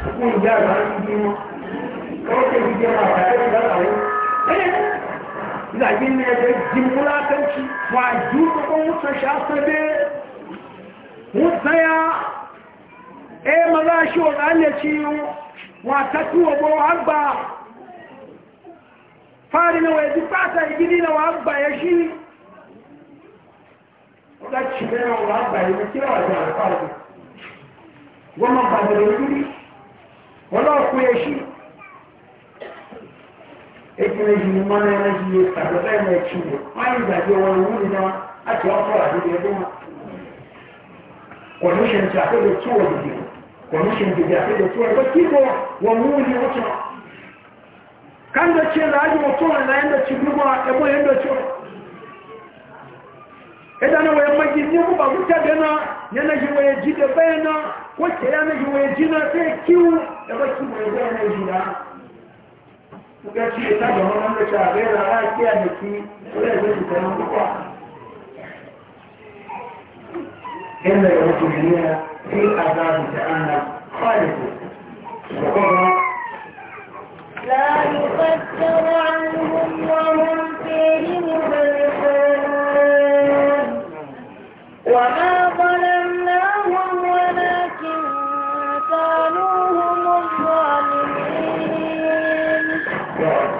ní ìyá àgbà ń bí wọn kọ́wọ́ tẹ̀ ìdí ọmọ àgbà tẹ̀ ìdí ọmọ àwọn ẹ̀yẹ ìdàgbé ní ẹgbẹ́ jimúlá tẹ́ǹtì wà ju kókó ń sọ̀ṣà sọ́dẹ́ ń sẹ́yà ẹ̀ mọ́lá aṣọ ọ̀gá lẹ̀ tí wọ́n àtàkù ọ̀bọ̀ àgbà fáàrí náà wọ́n ẹ̀dí pàtà ìgídí náà wọ́n àgbà ẹ̀ sí ọ̀gá tì mẹ́rin wọ́n àgbà ẹ̀ sí ọ̀gá àgbà ẹ̀ wọ́n mọ̀ ẹ̀ lórí wọ́n lọ́ọ̀ kú ẹṣin ekele yi ni mmanụ ya ji ihe adọta ya na-echi ya anyị gaji ọwụwa iwu dị na achị ọkụ a dịrị ebe ha kọmishọn ji akwụkwọ otu ogige kọmishọn ji akwụkwọ otu ogige kigbo wọ mụ ni ụtọ ka ndochi na ajụ ụtọ na na ndochi gbugbo ebe onye ndochi ịdana wee mmaji ndị ụkwụ gbagbuta dị na ya na ji wee ji debe na wechara ya ẹgbẹ́ tí mo ẹgbẹ́ ẹ̀rẹ́ yìí náà nígbà tí ìta ìjọba máa ń lè ṣe àbẹ́rẹ́ ara kí àmì kí orí ẹ̀gbẹ́ ti tẹ̀lé púpọ̀. ẹnlẹ̀ ọ̀tún ní ẹ sí àgbà àbùtẹ̀ àná fáìlì ìṣọ̀kọ́ra. لا يفتر عنهم وهم فيه مبلسون وما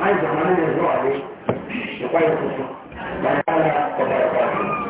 máa ń jàmọ́ nínú ìlú ọ̀rẹ́ ìpáyọ̀